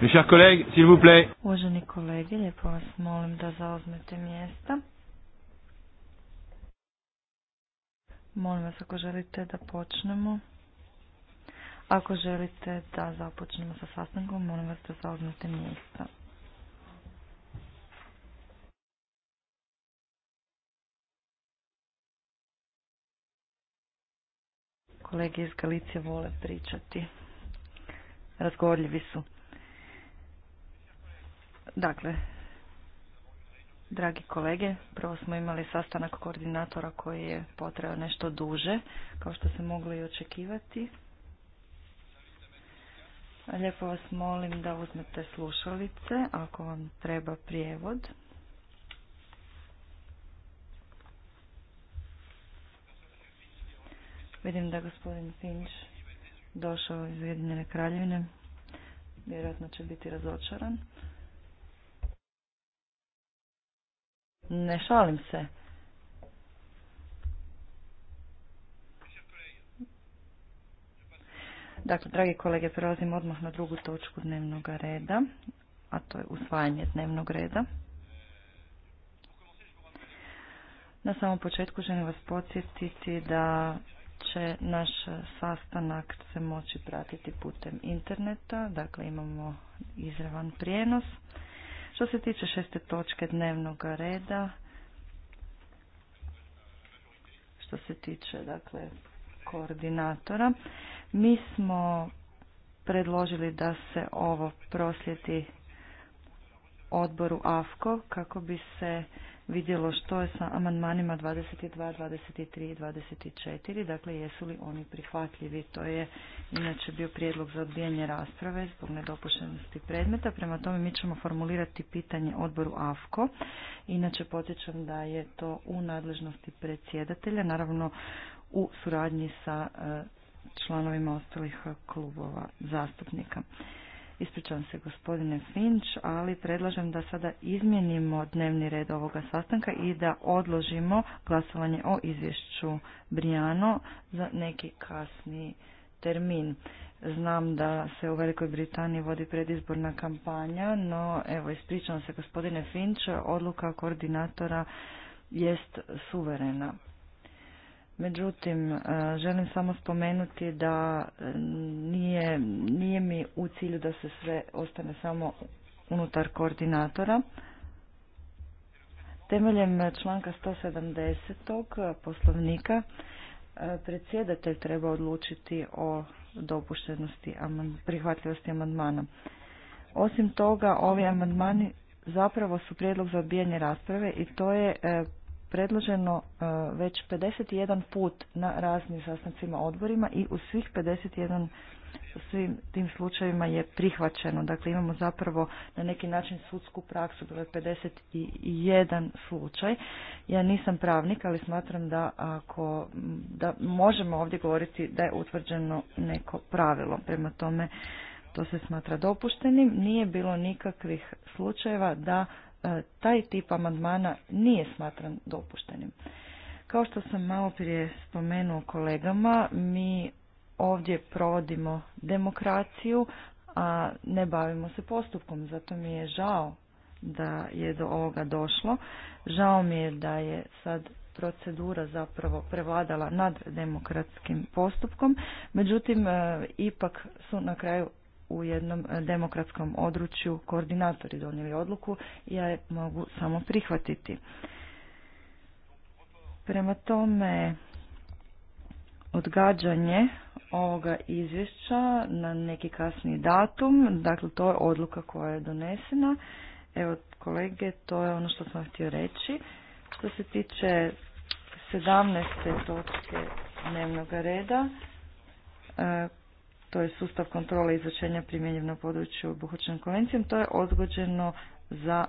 Mes chers collègues, s'il vous plaît. Uvaženi kolege, lijepo vas molim da zauzmete mjesta. Molim vas ako želite da počnemo. Ako želite da započnemo sa sastankom, molim vas da zauzmete mjesta. Kolege iz Galicije vole pričati. Razgovorljivi su. Dakle, dragi kolege, prvo smo imali sastanak koordinatora koji je potreo nešto duže, kao što se moglo i očekivati. Lijepo vas molim da uzmete slušalice ako vam treba prijevod. Vidim da gospodin Finč došao iz Ujedinjene kraljevine. Vjerojatno će biti razočaran. Ne šalim se. Dakle, dragi kolege, prelazimo odmah na drugu točku dnevnog reda, a to je usvajanje dnevnog reda. Na samom početku želim vas podsjetiti da će naš sastanak se moći pratiti putem interneta, dakle imamo izravan prijenos. Što se tiče šeste točke dnevnog reda, što se tiče dakle koordinatora, mi smo predložili da se ovo proslijeti odboru AFKO kako bi se vidjelo što je sa amandmanima 22, 23 i 24, dakle jesu li oni prihvatljivi. To je inače bio prijedlog za odbijanje rasprave zbog nedopuštenosti predmeta, prema tome mi ćemo formulirati pitanje odboru AFKO. Inače potičem da je to u nadležnosti predsjedatelja, naravno u suradnji sa e, članovima ostalih klubova zastupnika. Ispričavam se gospodine Finč, ali predlažem da sada izmjenimo dnevni red ovoga sastanka i da odložimo glasovanje o izvješću Brijano za neki kasni termin. Znam da se u Velikoj Britaniji vodi predizborna kampanja, no evo ispričavam se gospodine Finč, odluka koordinatora jest suverena. Međutim, e, želim samo spomenuti da e, nije, nije mi u cilju da se sve ostane samo unutar koordinatora. Temeljem članka 170. poslovnika e, predsjedatelj treba odlučiti o dopuštenosti prihvatljivosti amandmana. Osim toga, ovi amandmani zapravo su prijedlog za odbijanje rasprave i to je predloženo e, već 51 put na raznim sastancima odborima i u svih 51 u svim tim slučajevima je prihvaćeno. Dakle, imamo zapravo na neki način sudsku praksu, bilo je 51 slučaj. Ja nisam pravnik, ali smatram da ako da možemo ovdje govoriti da je utvrđeno neko pravilo. Prema tome, to se smatra dopuštenim. Nije bilo nikakvih slučajeva da E, taj tip amandmana nije smatran dopuštenim. Kao što sam malo prije spomenuo kolegama, mi ovdje provodimo demokraciju, a ne bavimo se postupkom, zato mi je žao da je do ovoga došlo. Žao mi je da je sad procedura zapravo prevladala nad demokratskim postupkom, međutim e, ipak su na kraju u jednom e, demokratskom odručju koordinatori donijeli odluku, ja je mogu samo prihvatiti. Prema tome, odgađanje ovoga izvješća na neki kasni datum, dakle to je odluka koja je donesena. Evo kolege, to je ono što sam htio reći. Što se tiče 17. točke dnevnog reda, e, to je sustav kontrole izvršenja primjenjiv na području obuhvaćenom konvencijom, to je odgođeno za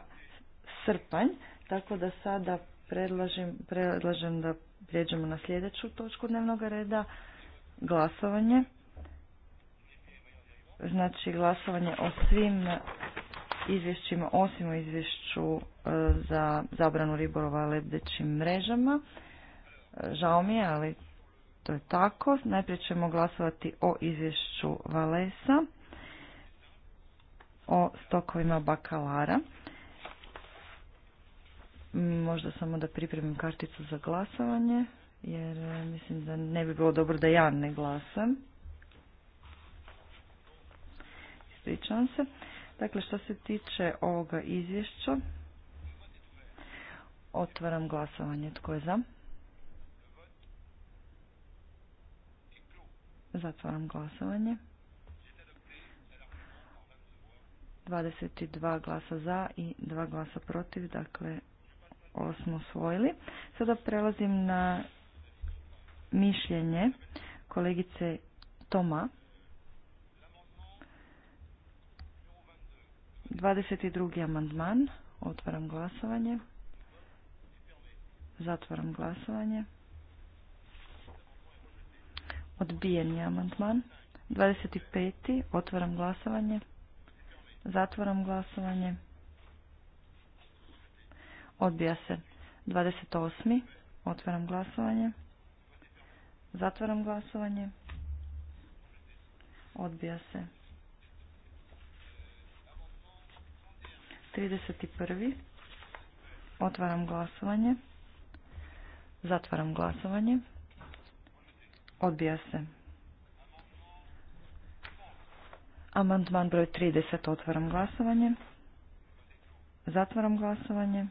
srpanj, tako da sada predlažem, predlažem da prijeđemo na sljedeću točku dnevnog reda, glasovanje. Znači glasovanje o svim izvješćima, osim o izvješću e, za zabranu ribolova lebdećim mrežama. E, žao mi je, ali to je tako. Najprije ćemo glasovati o izvješću Valesa, o stokovima bakalara. Možda samo da pripremim karticu za glasovanje, jer e, mislim da ne bi bilo dobro da ja ne glasam. Ispričavam se. Dakle, što se tiče ovoga izvješća, otvaram glasovanje. Tko je za? Zatvaram glasovanje. 22 glasa za i 2 glasa protiv, dakle ovo smo osvojili. Sada prelazim na mišljenje kolegice Toma. 22. amandman. Otvaram glasovanje. Zatvaram glasovanje. Odbijen je amandman. 25. Otvaram glasovanje. Zatvaram glasovanje. Odbija se. 28. Otvaram glasovanje. Zatvaram glasovanje. Odbija se. 31. Otvaram glasovanje. Zatvaram glasovanje. Odbija se. Amandman broj 30. Otvaram glasovanje. Zatvaram glasovanje.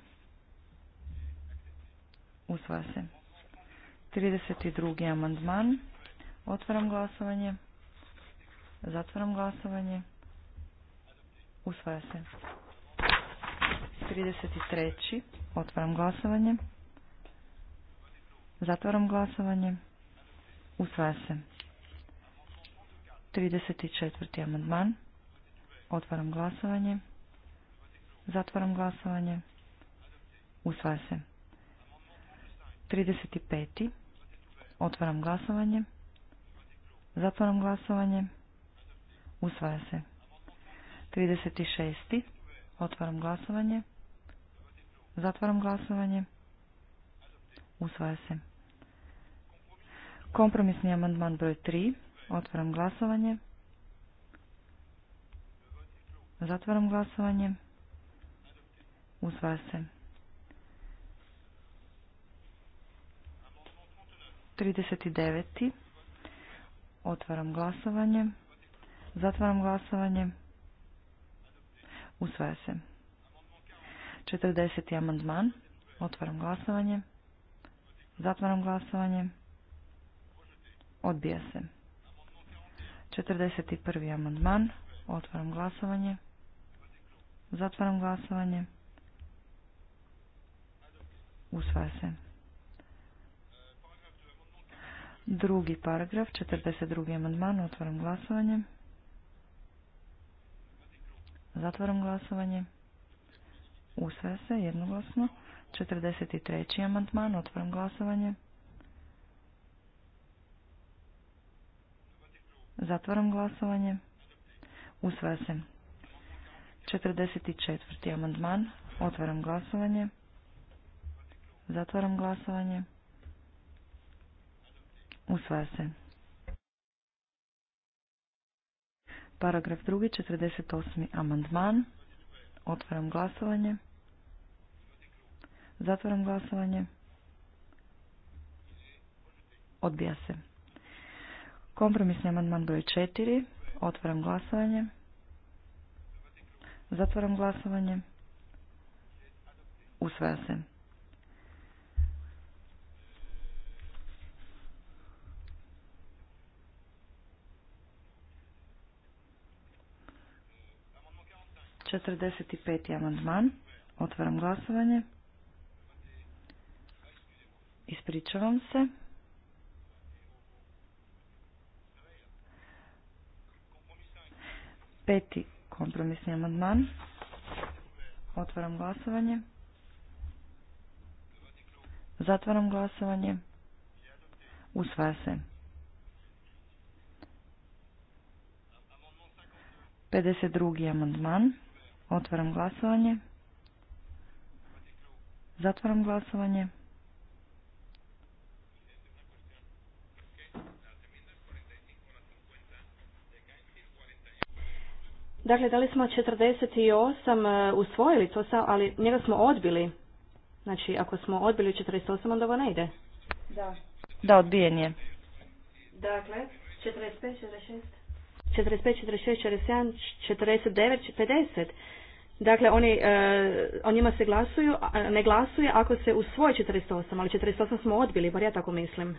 Usvaja se. 32. amandman. Otvaram glasovanje. Zatvaram glasovanje. Usvaja se. 33. Otvaram glasovanje. Zatvaram glasovanje. Usvaja se. 34. amandman. Otvaram glasovanje. Zatvaram glasovanje. Usvaja se. 35. Otvaram glasovanje. Zatvaram glasovanje. Usvaja se. 36. Otvaram glasovanje. Zatvaram glasovanje. Usvaja se. Kompromisni amandman broj 3. Otvaram glasovanje. Zatvaram glasovanje. Usvaja se. 39. Otvaram glasovanje. Zatvaram glasovanje. Usvaja se. 40. amandman. Otvaram glasovanje. Zatvaram glasovanje. Odbija se. 41. amandman. Otvaram glasovanje. Zatvaram glasovanje. Usvaja se. Drugi paragraf, 42. amandman. Otvaram glasovanje. Zatvaram glasovanje. Usvaja se jednoglasno. 43. amandman. Otvaram glasovanje. Zatvaram glasovanje. Usvaja se. 44. amandman. Otvaram glasovanje. Zatvaram glasovanje. Usvaja se. Paragraf 2. 48. amandman. Otvaram glasovanje. Zatvaram glasovanje. Odbija se. Kompromisni amandman broj 4. Otvaram glasovanje. Zatvaram glasovanje. Usvaja se. Četrdeset pet amandman. Otvaram glasovanje. Ispričavam se. Peti kompromisni amandman. Otvaram glasovanje. Zatvaram glasovanje. Usvaja se. 52. amandman. Otvaram glasovanje. Zatvaram glasovanje. Dakle, da li smo 48 e, usvojili to, ali njega smo odbili. Znači, ako smo odbili 48, onda ovo ne ide. Da. Da, odbijen je. Dakle, 45, 46. 45, 46, 47, 49, 50. Dakle, oni, uh, o njima se glasuju, ne glasuje ako se usvoji 48, ali 48 smo odbili, bar ja tako mislim.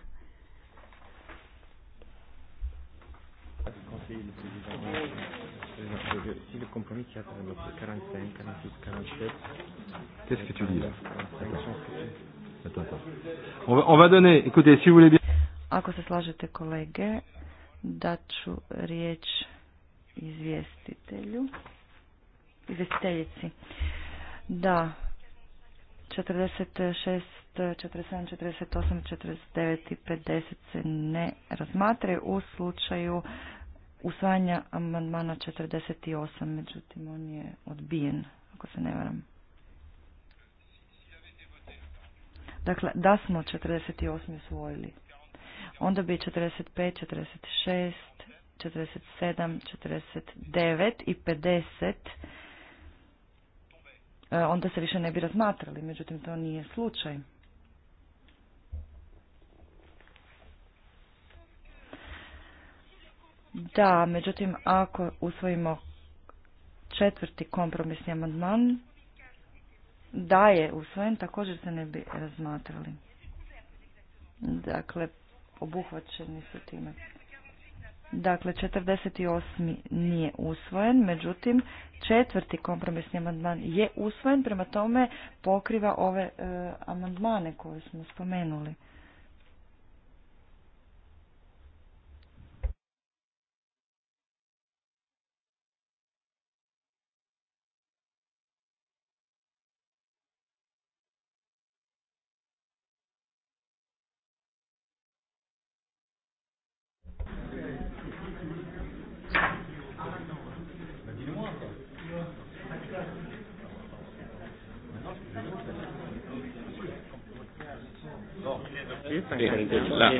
Si le compromis qui a 45, 46, 47. Qu'est-ce que tu dis là Attends, attends. On, va, on va donner, écoutez, si vous voulez bien. Ako se slažete kolege, daću riječ izvjestitelju, izvjestiteljici. Da, 46, 47, 48, 49 i 50 se ne razmatraju u slučaju usvajanja amandmana 48, međutim on je odbijen, ako se ne varam. Dakle, da smo 48 usvojili, onda bi 45, 46, 47, 49 i 50 e, onda se više ne bi razmatrali, međutim to nije slučaj. Da, međutim, ako usvojimo četvrti kompromisni amandman, da je usvojen, također se ne bi razmatrali. Dakle, obuhvaćeni su time. Dakle, 48. nije usvojen, međutim, četvrti kompromisni amandman je usvojen, prema tome pokriva ove e, amandmane koje smo spomenuli.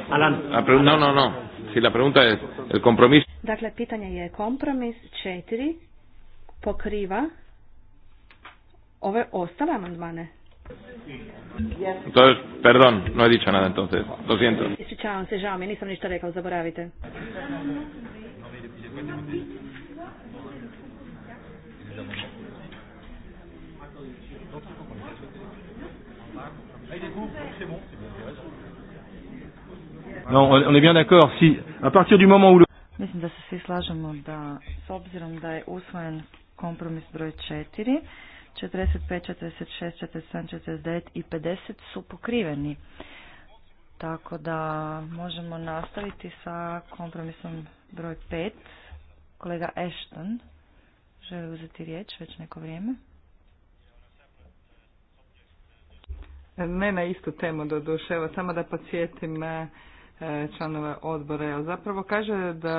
Alan. No, no, no. Si la pregunta es, el compromiso... Dakle, pitanje je kompromis 4 pokriva ove ostale amandmane. Entonces, perdón, no he dicho nada entonces. Lo siento. Ispričavam se, žao mi, nisam ništa rekao, zaboravite. Allez, c'est bon, c'est bon, Non, on est bien d'accord. Si, à partir du moment où le... Mislim da se svi slažemo da, s obzirom da je usvojen kompromis broj 4, 45, 46, 47, 49 i 50 su pokriveni. Tako da možemo nastaviti sa kompromisom broj 5. Kolega Ashton želi uzeti riječ već neko vrijeme. Ne na istu temu doduševa, samo da podsjetim eh, E, članove odbora. Zapravo kaže da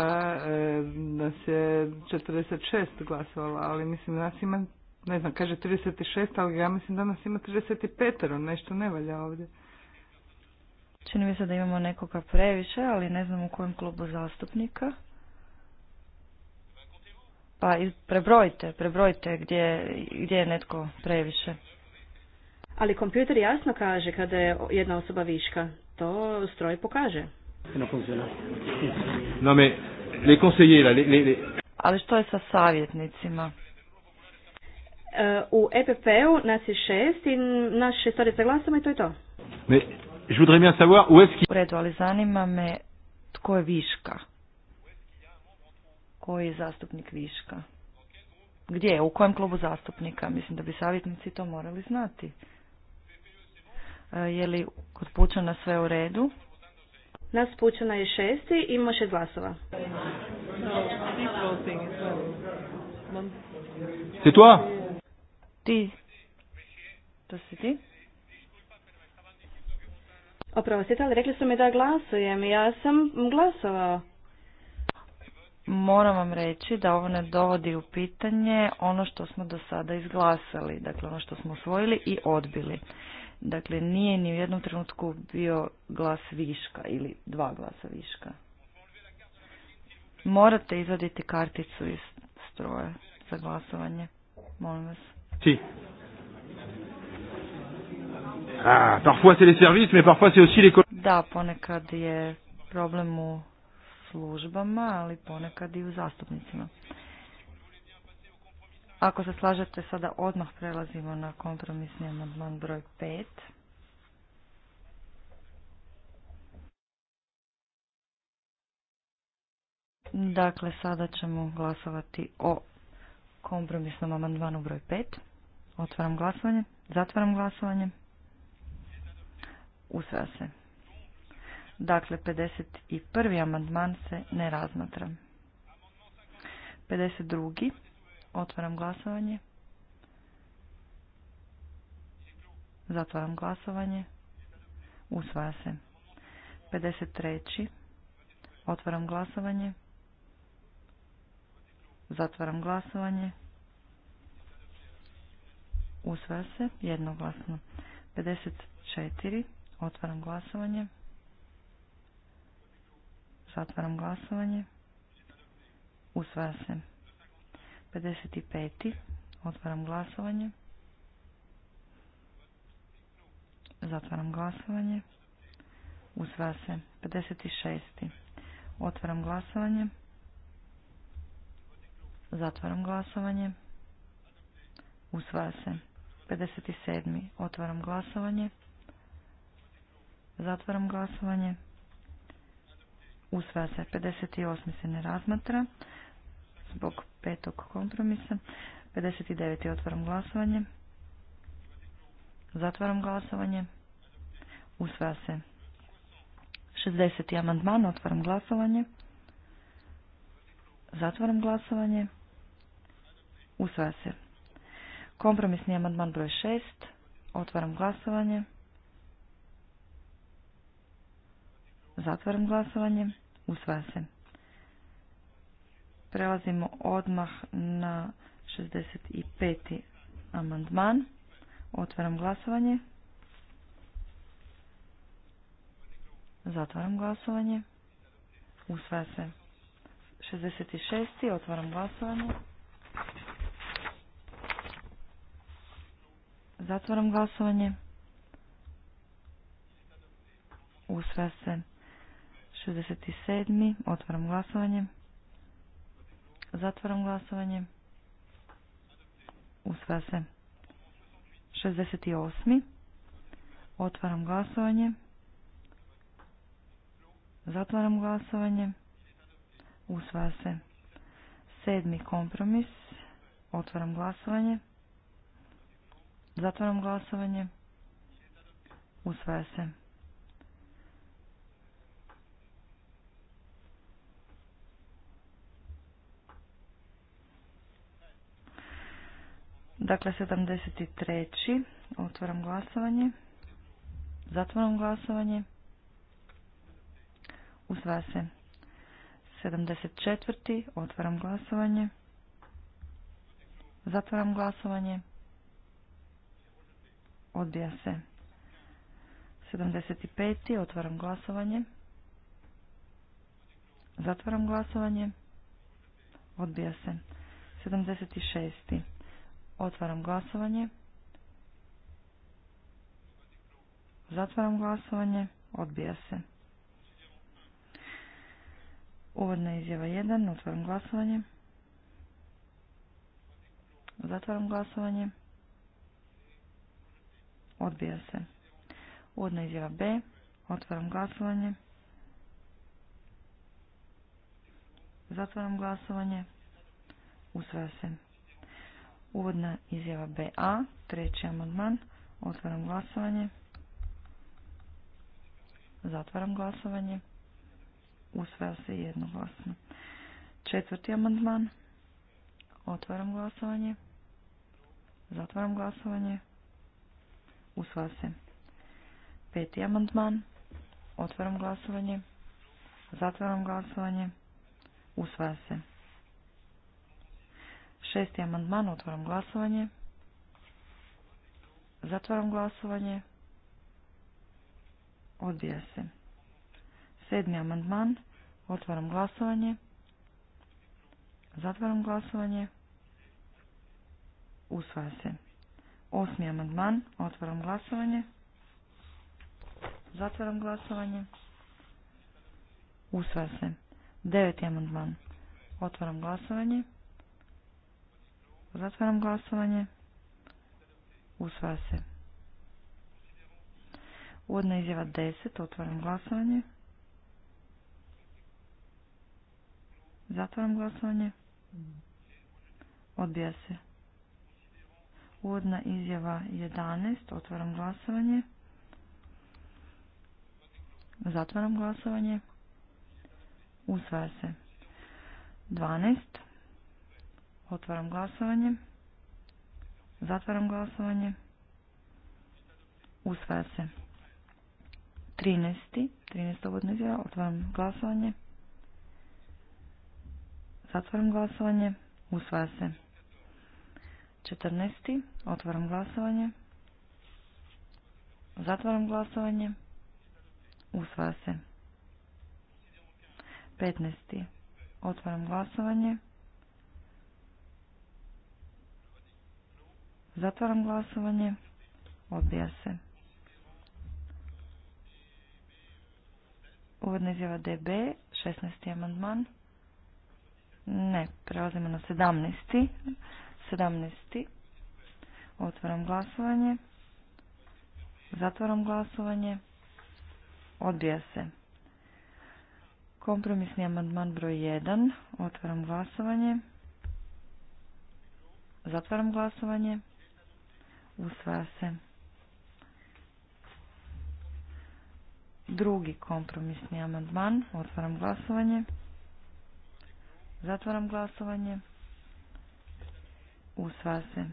nas je 46 glasovala, ali mislim da nas ima, ne znam, kaže 36, ali ja mislim da nas ima 35, nešto ne valja ovdje. Čini mi se da imamo nekoga previše, ali ne znam u kojem klubu zastupnika. Pa prebrojite, prebrojite gdje, gdje je netko previše. Ali kompjuter jasno kaže kada je jedna osoba viška to stroj pokaže. Ali što je sa savjetnicima? E, u EPP-u nas je šest i naš šestorica glasama i to je to. U redu, ali zanima me tko je viška? Koji je zastupnik viška? Gdje? U kojem klubu zastupnika? Mislim da bi savjetnici to morali znati. Eh, je li kod Pučana sve u redu? Nas Pučana je šesti i šest glasova. Ti. To si ti? Oprostite, ali rekli su mi da glasujem i ja sam glasovao. Moram vam reći da ovo ne dovodi u pitanje ono što smo do sada izglasali, dakle ono što smo usvojili i odbili. Dakle, nije ni u jednom trenutku bio glas viška ili dva glasa viška. Morate izvaditi karticu iz stroja za glasovanje. Molim vas. Si. Da, ponekad je problem u službama, ali ponekad i u zastupnicima. Ako se slažete, sada odmah prelazimo na kompromisni amandman broj 5. Dakle, sada ćemo glasovati o kompromisnom amandmanu broj 5. Otvaram glasovanje. Zatvaram glasovanje. Usvaja se. Dakle, 51. amandman se ne razmatra. 52. Otvaram glasovanje. Zatvaram glasovanje. Usvaja se. 53. Otvaram glasovanje. Zatvaram glasovanje. Usvaja se jednoglasno. 54. Otvaram glasovanje. Zatvaram glasovanje. Usvaja se. 55. Otvaram glasovanje. Zatvaram glasovanje. Usva se. 56. Otvaram glasovanje. Zatvaram glasovanje. Usvaja se. 57. Otvaram glasovanje. Zatvaram glasovanje. Usvaja se. 58. se ne razmatra zbog petog kompromisa. 59. otvaram glasovanje. Zatvaram glasovanje. Usvaja se. 60. amandman. Otvaram glasovanje. Zatvaram glasovanje. Usvaja se. Kompromisni amandman broj 6. Otvaram glasovanje. Zatvaram glasovanje. Usvaja se. Prelazimo odmah na 65. amandman. Otvaram glasovanje. Zatvaram glasovanje. Usvaja se. 66. Otvaram glasovanje. Zatvaram glasovanje. Usvaja se. 67. Otvaram glasovanje. Zatvaram glasovanje. Usvaja se. 68. Otvaram glasovanje. Zatvaram glasovanje. Usvaja se. Sedmi kompromis. Otvaram glasovanje. Zatvaram glasovanje. Usvaja se. Dakle, 73. Otvaram glasovanje. Zatvaram glasovanje. Uzva se. 74. Otvaram glasovanje. Zatvaram glasovanje. Odbija se. 75. Otvaram glasovanje. Zatvaram glasovanje. Odbija se. 76. Otvaram glasovanje. Zatvaram glasovanje. Odbija se. Uvodna izjava 1. Otvaram glasovanje. Zatvaram glasovanje. Odbija se. Uvodna izjava B. Otvaram glasovanje. Zatvaram glasovanje. Usvaja se. Uvodna izjava BA, treći amandman. Otvaram glasovanje. Zatvaram glasovanje. Usvaja se jednoglasno. Četvrti amandman. Otvaram glasovanje. Zatvaram glasovanje. Usvaja se. Peti amandman. Otvaram glasovanje. Zatvaram glasovanje. Usvaja se. Šesti amandman, otvaram glasovanje. Zatvaram glasovanje. Odbija se. Sedmi amandman, otvaram glasovanje. Zatvaram glasovanje. Usvaja se. Osmi amandman, otvaram glasovanje. Zatvaram glasovanje. Usvaja se. Deveti amandman, otvaram glasovanje. Zatvaram glasovanje. Usvaja se. Uvodna izjava 10. Otvaram glasovanje. Zatvaram glasovanje. Odbija se. Uvodna izjava 11. Otvaram glasovanje. Zatvaram glasovanje. Usvaja se. 12. Otvaram glasovanje. Zatvaram glasovanje. Usvaja se. 13. 13. uvodna izjava. Otvaram glasovanje. Zatvaram glasovanje. Usvaja se. 14. Otvaram glasovanje. Zatvaram glasovanje. Usvaja se. 15. Otvaram glasovanje. Zatvaram glasovanje. Odbija se. Uvodna izjava DB, 16. amandman. Ne, prelazimo na 17. 17. Otvaram glasovanje. Zatvaram glasovanje. Odbija se. Kompromisni amandman broj 1. Otvaram glasovanje. Zatvaram glasovanje usvaja se. Drugi kompromisni amandman, otvaram glasovanje. Zatvaram glasovanje. Usvaja se.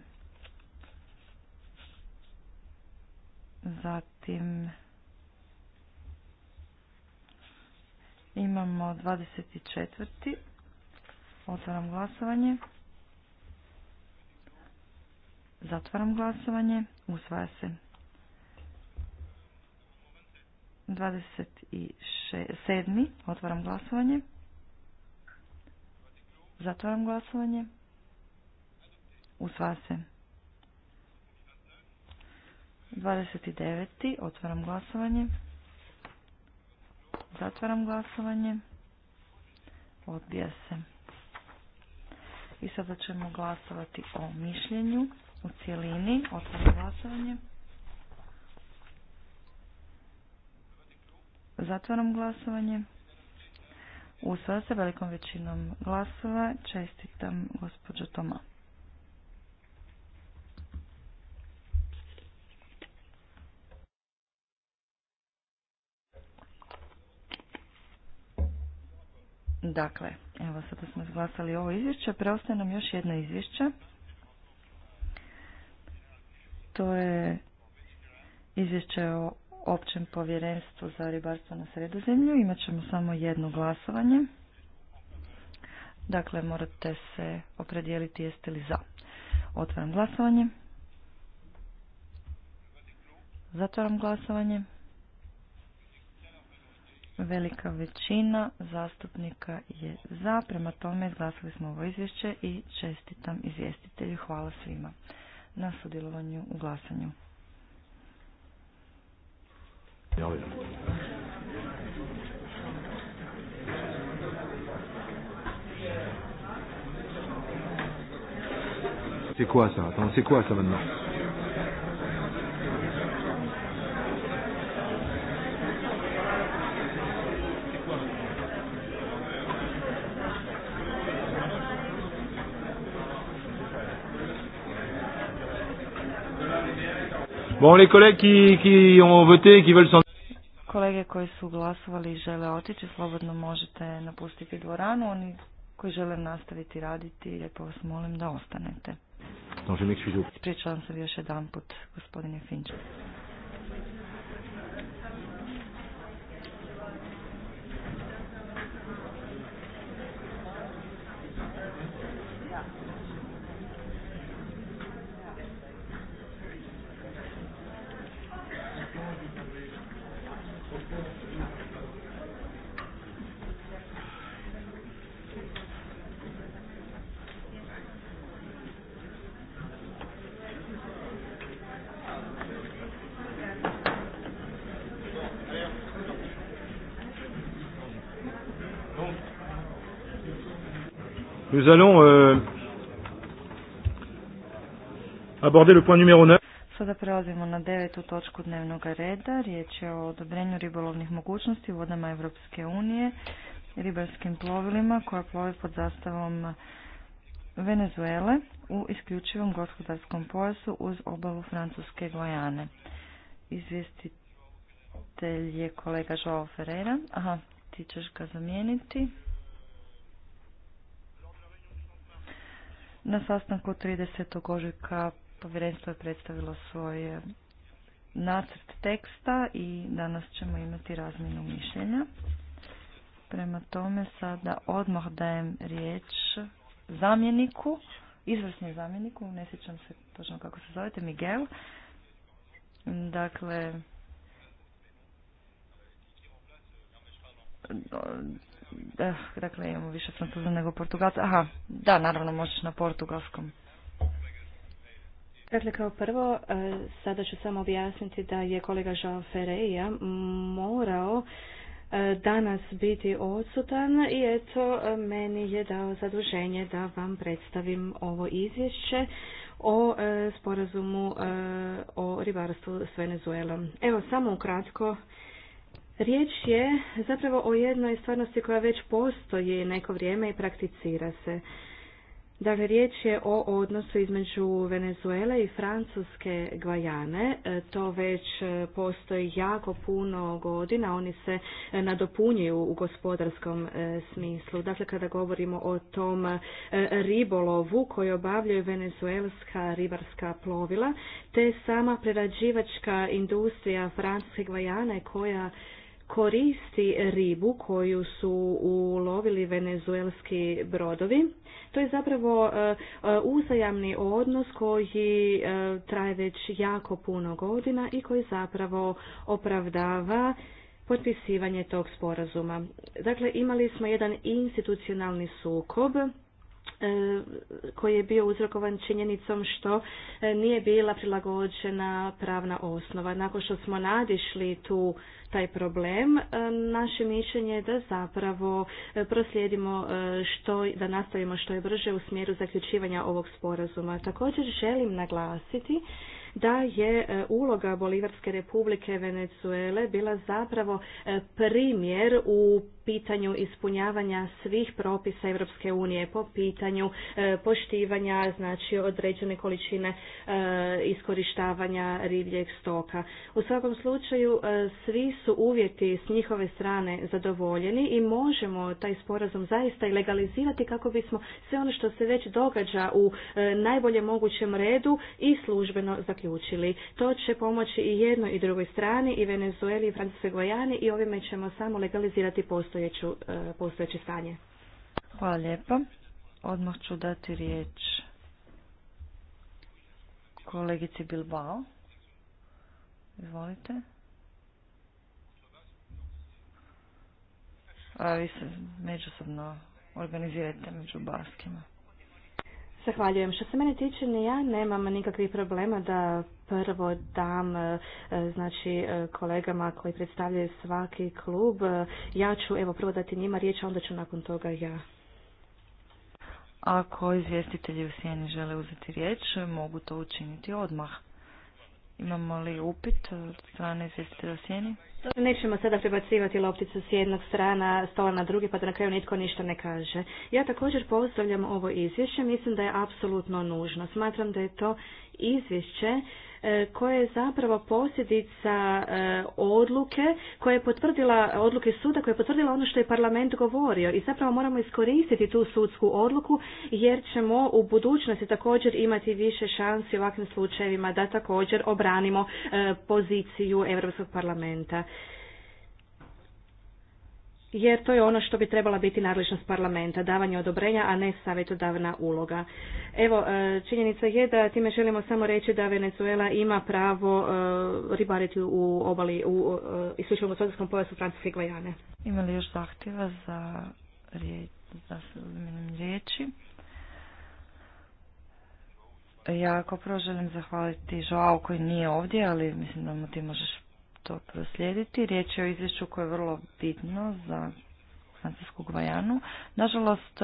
Zatim imamo 24. Otvaram glasovanje. Zatvaram glasovanje. Usvaja se. 27. Otvaram glasovanje. Zatvaram glasovanje. Usvaja se. 29. Otvaram glasovanje. Zatvaram glasovanje. Odbija se. I sada ćemo glasovati o mišljenju u cijelini. Otvaram glasovanje. Zatvaram glasovanje. Usvaja se velikom većinom glasova. Čestitam gospođo Toma. Dakle, evo sada smo izglasali ovo izvješće. Preostaje nam još jedno izvješće. To je izvješće o općem povjerenstvu za ribarstvo na sredozemlju. Imat ćemo samo jedno glasovanje. Dakle, morate se opredijeliti jeste li za. Otvaram glasovanje. Zatvaram glasovanje. Velika većina zastupnika je za, prema tome izglasali smo ovo izvješće i čestitam izvjestitelju. Hvala svima na sudjelovanju u glasanju. C'est quoi ça Attends, c'est quoi ça maintenant Bon, les collègues qui, qui ont voté, qui veulent Kolege koji su glasovali i žele otići, slobodno možete napustiti dvoranu. Oni koji žele nastaviti raditi, lijepo vas molim da ostanete. Ispričavam se još jedan put, gospodine Finče. Nous allons euh, aborder le point numéro 9. Sada prelazimo na devetu točku dnevnog reda. Riječ je o odobrenju ribolovnih mogućnosti vodama Europske unije, ribarskim plovilima koja plove pod zastavom Venezuele u isključivom gospodarskom pojasu uz obalu Francuske Gojane. Izvjestitelj je kolega Joao Ferreira. Aha, ti ćeš ga zamijeniti. Na sastanku 30. ožujka povjerenstvo je predstavilo svoj eh, nacrt teksta i danas ćemo imati razmjenu mišljenja. Prema tome sada odmah dajem riječ zamjeniku, izvrsni zamjeniku, ne sjećam se točno kako se zovete, Miguel. Dakle, Eh, dakle imamo više francuza nego Aha, da, naravno možeš na portugalskom. Dakle, kao prvo, eh, sada ću samo objasniti da je kolega Joao Ferreira morao eh, danas biti odsutan i eto, meni je dao zaduženje da vam predstavim ovo izvješće o sporazumu o ribarstvu s Venezuelom. Evo, samo ukratko Riječ je zapravo o jednoj stvarnosti koja već postoji neko vrijeme i prakticira se. Dakle, riječ je o odnosu između Venezuele i Francuske Gvajane. E, to već e, postoji jako puno godina. Oni se e, nadopunjuju u gospodarskom smislu. Dakle, kada govorimo o tom ribolovu koji obavljaju venezuelska ribarska plovila, te sama prerađivačka industrija Francuske Gvajane koja koristi ribu koju su ulovili venezuelski brodovi. To je zapravo e, e, uzajamni odnos koji e, traje već jako puno godina i koji zapravo opravdava potpisivanje tog sporazuma. Dakle, imali smo jedan institucionalni sukob E, koji je bio uzrokovan činjenicom što e, nije bila prilagođena pravna osnova. Nakon što smo nadišli tu taj problem, e, naše mišljenje je da zapravo proslijedimo što, da nastavimo što je brže u smjeru zaključivanja ovog sporazuma. Također želim naglasiti da je e, uloga Bolivarske republike Venezuele bila zapravo e, primjer u pitanju ispunjavanja svih propisa Europske unije po pitanju e, poštivanja znači određene količine iskorištavanja ribljeg stoka. U svakom slučaju svi su uvjeti s njihove strane zadovoljeni i možemo taj sporazum zaista i legalizirati kako bismo sve ono što se već događa u najboljem mogućem redu i službeno zaključiti učili. To će pomoći i jednoj i drugoj strani, i Venezueli i Francuskoj Gojani i ovime ćemo samo legalizirati postojeću, e, postojeće stanje. Hvala lijepo. Odmah ću dati riječ kolegici Bilbao. Izvolite. A vi se međusobno organizirajte među baskima. Zahvaljujem. Što se mene tiče, ni ja nemam nikakvih problema da prvo dam e, znači e, kolegama koji predstavljaju svaki klub. Ja ću evo prvo dati njima riječ, a onda ću nakon toga ja. Ako izvjestitelji u sjeni žele uzeti riječ, mogu to učiniti odmah. Imamo li upit od strane izvjestitelja sjeni? Nećemo sada prebacivati lopticu s jednog strana stola na drugi pa da na kraju nitko ništa ne kaže. Ja također pozdravljam ovo izvješće, mislim da je apsolutno nužno. Smatram da je to izvješće E, koje je zapravo posljedica e, odluke koja je potvrdila odluke suda koja je potvrdila ono što je parlament govorio i zapravo moramo iskoristiti tu sudsku odluku jer ćemo u budućnosti također imati više šansi u ovakvim slučajevima da također obranimo e, poziciju Europskog parlamenta jer to je ono što bi trebala biti nadležnost parlamenta, davanje odobrenja, a ne savjetodavna uloga. Evo, e, činjenica je da time želimo samo reći da Venezuela ima pravo e, ribariti u obali, u e, isključivom gospodarskom pojasu Francuske Gvajane. Ima li još zahtjeva za riječi? Ja kao prvo zahvaliti Joao koji nije ovdje, ali mislim da mu ti možeš to proslijediti. Riječ je o izvješću koje je vrlo bitno za Francusku Gvajanu. Nažalost,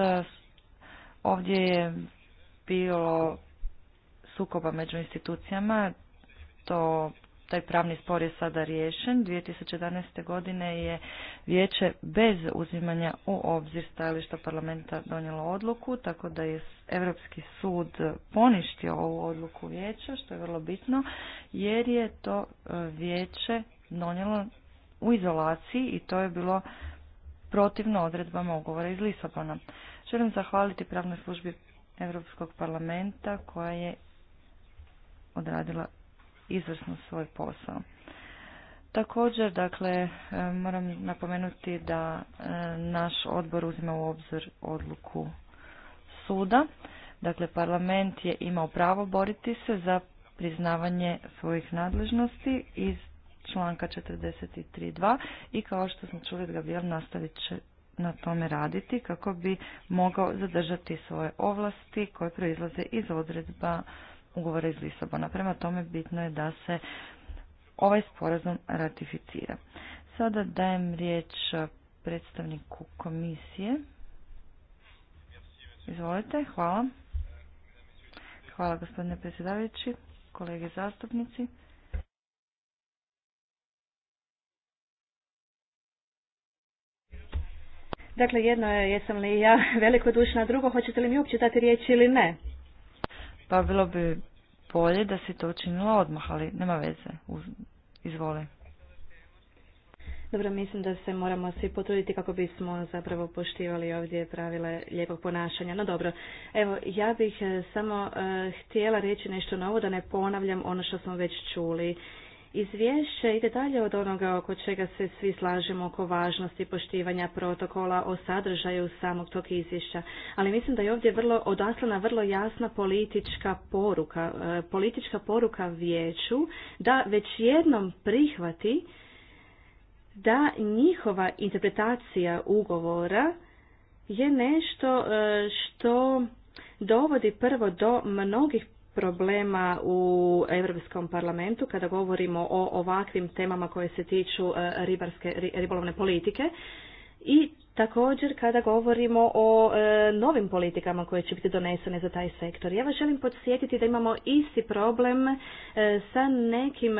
ovdje je bilo sukoba među institucijama. To, taj pravni spor je sada riješen. 2011. godine je vijeće bez uzimanja u obzir stajališta parlamenta donijelo odluku, tako da je Europski sud poništio ovu odluku vijeća, što je vrlo bitno, jer je to e, vijeće donijelo u izolaciji i to je bilo protivno odredbama ugovora iz Lisabona. Želim zahvaliti pravnoj službi Europskog parlamenta koja je odradila izvrsno svoj posao. Također, dakle, eh, moram napomenuti da eh, naš odbor uzima u obzir odluku suda. Dakle, parlament je imao pravo boriti se za priznavanje svojih nadležnosti iz članka 43.2 i kao što smo čuli Gabriel nastavit će na tome raditi kako bi mogao zadržati svoje ovlasti koje proizlaze iz odredba ugovora iz Lisabona. Prema tome bitno je da se ovaj sporazum ratificira. Sada dajem riječ predstavniku komisije. Izvolite, hvala. Hvala gospodine predsjedavajući, kolege zastupnici. Dakle, jedno je jesam li ja veliko velikodušna, drugo hoćete li mi uopće dati riječ ili ne? Pa bilo bi bolje da se to učinila odmah, ali nema veze. Izvoli. Dobro, mislim da se moramo svi potruditi kako bismo zapravo poštivali ovdje pravile lijepog ponašanja. No dobro, evo, ja bih e, samo e, htjela reći nešto novo da ne ponavljam ono što smo već čuli Izvješće ide dalje od onoga oko čega se svi slažemo oko važnosti poštivanja protokola o sadržaju samog tog izvješća, ali mislim da je ovdje vrlo odaslana vrlo jasna politička poruka, e, politička poruka vijeću da već jednom prihvati da njihova interpretacija ugovora je nešto e, što dovodi prvo do mnogih problema u Europskom parlamentu kada govorimo o ovakvim temama koje se tiču e, ribarske, ribolovne politike i također kada govorimo o e, novim politikama koje će biti donesene za taj sektor. Ja vas želim podsjetiti da imamo isti problem e, sa nekim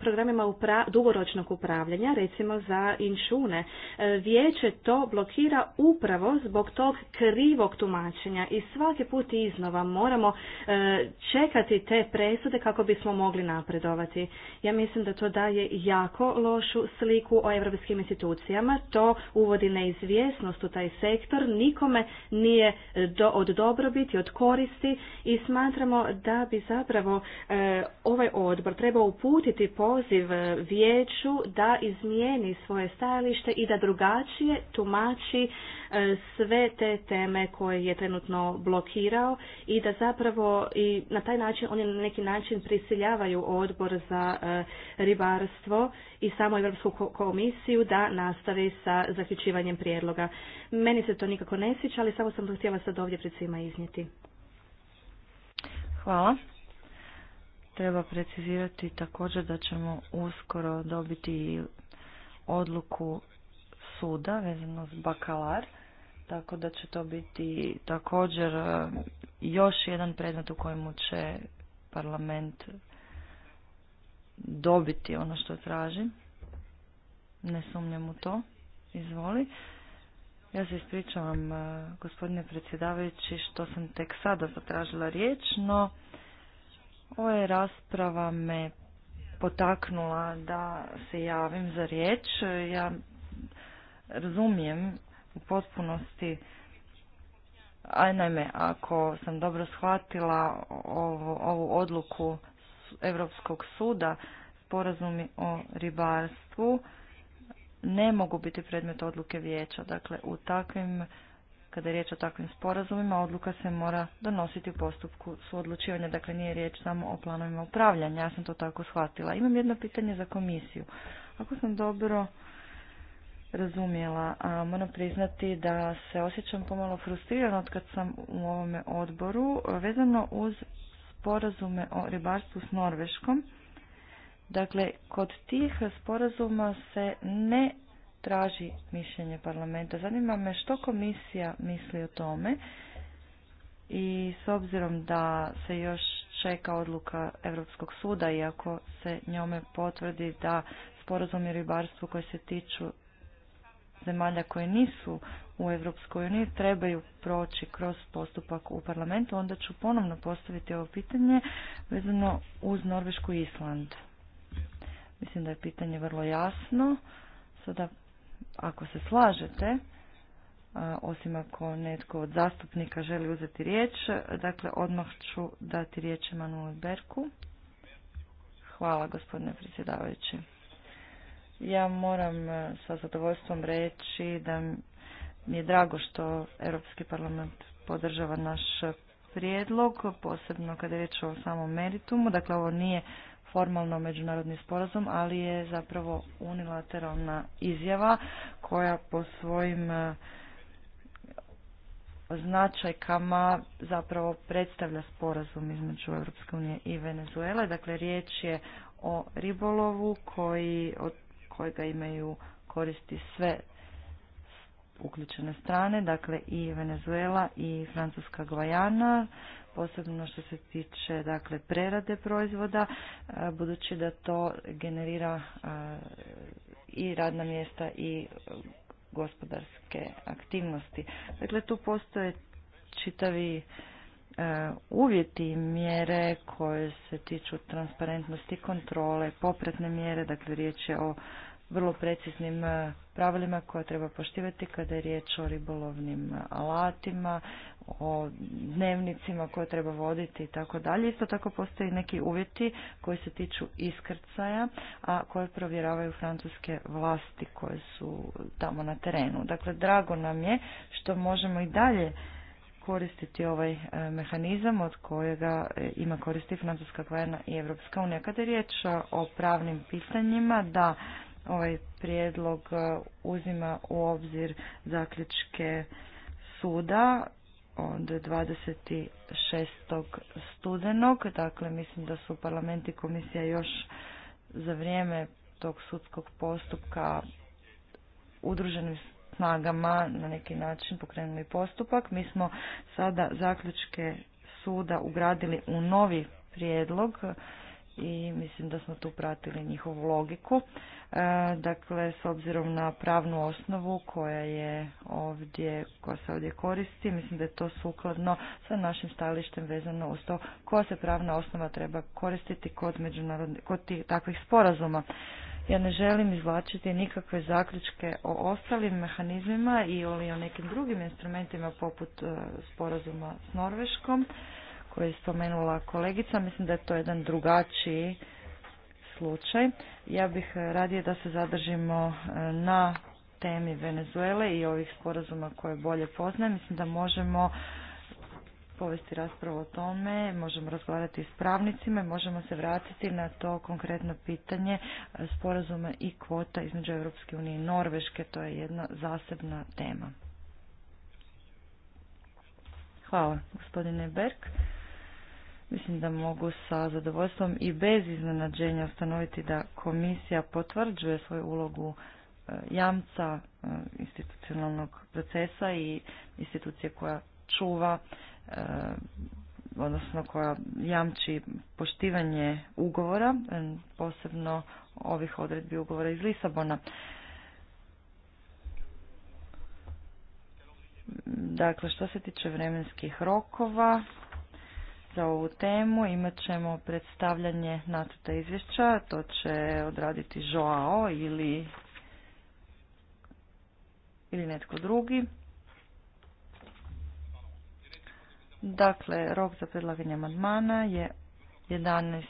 programima dugoročnog upravljanja, recimo za inšune. E, vijeće to blokira upravo zbog tog krivog tumačenja i svaki put iznova moramo e, čekati te presude kako bismo mogli napredovati. Ja mislim da to daje jako lošu sliku o europskim institucijama, to uvodi neizvjesnost u taj sektor, nikome nije e, od dobrobiti, od koristi i smatramo da bi zapravo ovaj odbor trebao uputiti uputiti poziv e, vijeću da izmijeni svoje stajalište i da drugačije tumači e, sve te teme koje je trenutno blokirao i da zapravo i na taj način oni na neki način prisiljavaju odbor za e, ribarstvo i samo Europsku komisiju da nastavi sa zaključivanjem prijedloga. Meni se to nikako ne sviđa, ali samo sam to htjela sad ovdje pred svima iznijeti. Hvala. Treba precizirati također da ćemo uskoro dobiti odluku suda vezano s bakalar, tako da će to biti također e, još jedan predmet u kojemu će parlament dobiti ono što traži. Ne sumnjam u to. Izvoli. Ja se ispričavam, e, gospodine predsjedavajući, što sam tek sada zatražila riječ, no ova je rasprava me potaknula da se javim za riječ. Ja razumijem u potpunosti a naime, ako sam dobro shvatila ovu, ovu odluku Europskog suda, sporazumi o ribarstvu ne mogu biti predmet odluke vijeća. Dakle, u takvim kada je riječ o takvim sporazumima, odluka se mora donositi u postupku suodlučivanja, dakle nije riječ samo o planovima upravljanja, ja sam to tako shvatila. Imam jedno pitanje za komisiju. Ako sam dobro razumjela, a moram priznati da se osjećam pomalo frustrirano od kad sam u ovome odboru, vezano uz sporazume o ribarstvu s Norveškom. Dakle, kod tih sporazuma se ne traži mišljenje parlamenta. Zanima me što komisija misli o tome i s obzirom da se još čeka odluka Europskog suda i ako se njome potvrdi da sporazumi o ribarstvu koji se tiču zemalja koje nisu u Europskoj uniji trebaju proći kroz postupak u parlamentu, onda ću ponovno postaviti ovo pitanje vezano uz Norvešku i Island. Mislim da je pitanje vrlo jasno. Sada ako se slažete, osim ako netko od zastupnika želi uzeti riječ, dakle odmah ću dati riječ Emanuelu Berku. Hvala gospodine predsjedavajući. Ja moram e, sa zadovoljstvom reći da mi je drago što Europski parlament podržava naš prijedlog, posebno kada je riječ o samom meritumu. Dakle, ovo nije formalno međunarodni sporazum, ali je zapravo unilateralna izjava koja po svojim e, značajkama zapravo predstavlja sporazum između Europske unije i Venezuele. Dakle, riječ je o ribolovu koji, od kojega imaju koristi sve uključene strane, dakle i Venezuela i Francuska Gvajana, posebno što se tiče dakle prerade proizvoda, e, budući da to generira e, i radna mjesta i e, gospodarske aktivnosti. Dakle, tu postoje čitavi uvjeti mjere koje se tiču transparentnosti kontrole, popretne mjere, dakle riječ je o vrlo preciznim e, pravilima koja treba poštivati kada je riječ o ribolovnim alatima, o dnevnicima koje treba voditi i tako dalje. Isto tako postoji neki uvjeti koji se tiču iskrcaja, a koje provjeravaju francuske vlasti koje su tamo na terenu. Dakle, drago nam je što možemo i dalje koristiti ovaj e, mehanizam od kojega e, ima koristi Francuska Gvajana i Evropska unija. Kada je riječ o pravnim pisanjima da, ovaj prijedlog e, uzima u obzir zaključke suda od 26. studenog. Dakle, mislim da su parlament i komisija još za vrijeme tog sudskog postupka udruženim snagama na neki način pokrenuli postupak. Mi smo sada zaključke suda ugradili u novi prijedlog i mislim da smo tu pratili njihovu logiku. E, dakle, s obzirom na pravnu osnovu koja je ovdje, koja se ovdje koristi, mislim da je to sukladno sa našim stajalištem vezano uz to koja se pravna osnova treba koristiti kod kod tih takvih sporazuma. Ja ne želim izvlačiti nikakve zaključke o ostalim mehanizmima i o nekim drugim instrumentima poput e, sporazuma s Norveškom koji je spomenula kolegica. Mislim da je to jedan drugačiji slučaj. Ja bih radije da se zadržimo e, na temi Venezuele i ovih sporazuma koje bolje poznajem. Mislim da možemo povesti raspravu o tome, možemo razgovarati s pravnicima i možemo se vratiti na to konkretno pitanje e, sporazuma i kvota između Europske unije i Norveške. To je jedna zasebna tema. Hvala, gospodine Berg. Mislim da mogu sa zadovoljstvom i bez iznenađenja ustanoviti da komisija potvrđuje svoju ulogu e, jamca e, institucionalnog procesa i institucije koja čuva, e, odnosno koja jamči poštivanje ugovora, posebno ovih odredbi ugovora iz Lisabona. Dakle, što se tiče vremenskih rokova, za ovu temu. Imat ćemo predstavljanje nacrta izvješća, to će odraditi Joao ili, ili netko drugi. Dakle, rok za predlaganje amandmana je 11.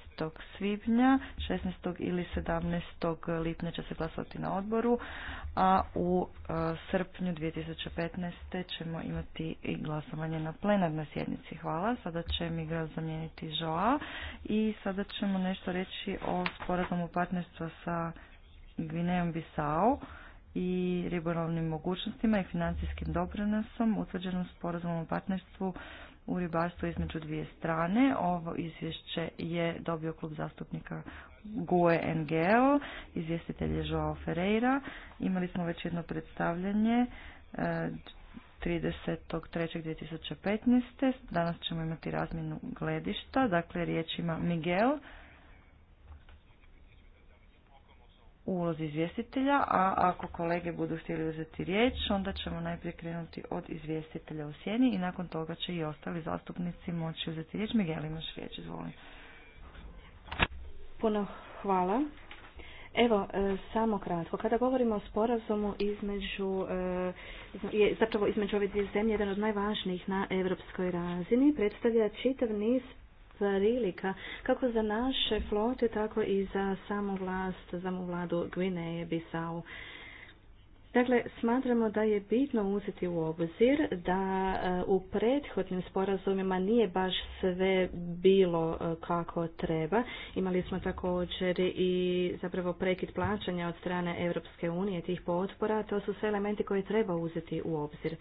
svibnja, 16. ili 17. lipnja će se glasovati na odboru, a u e, srpnju 2015. ćemo imati i glasovanje na plenarnoj sjednici. Hvala. Sada će mi ga zamijeniti Joa i sada ćemo nešto reći o sporazumu partnerstva sa Gvinejom Bisao i ribolovnim mogućnostima i financijskim doprinosom utvrđenom sporazumom o partnerstvu u ribarstvu između dvije strane. Ovo izvješće je dobio klub zastupnika GUE ngl izvjestitelj je Joao Ferreira. Imali smo već jedno predstavljanje 30.3.2015. E, Danas ćemo imati razmjenu gledišta, dakle riječ ima Miguel u ulozi izvjestitelja, a ako kolege budu htjeli uzeti riječ, onda ćemo najprije krenuti od izvjestitelja u sjeni i nakon toga će i ostali zastupnici moći uzeti riječ. Miguel, imaš riječ, izvolim. Puno hvala. Evo, e, samo kratko. Kada govorimo o sporazumu između, e, zapravo između ove dvije zemlje, jedan od najvažnijih na europskoj razini, predstavlja čitav niz prilika kako za naše flote, tako i za samu vlast, samu vladu Gvineje, Bisau. Dakle, smatramo da je bitno uzeti u obzir da e, u prethodnim sporazumima nije baš sve bilo e, kako treba. Imali smo također i zapravo prekid plaćanja od strane Europske unije tih potpora. To su sve elementi koje treba uzeti u obzir.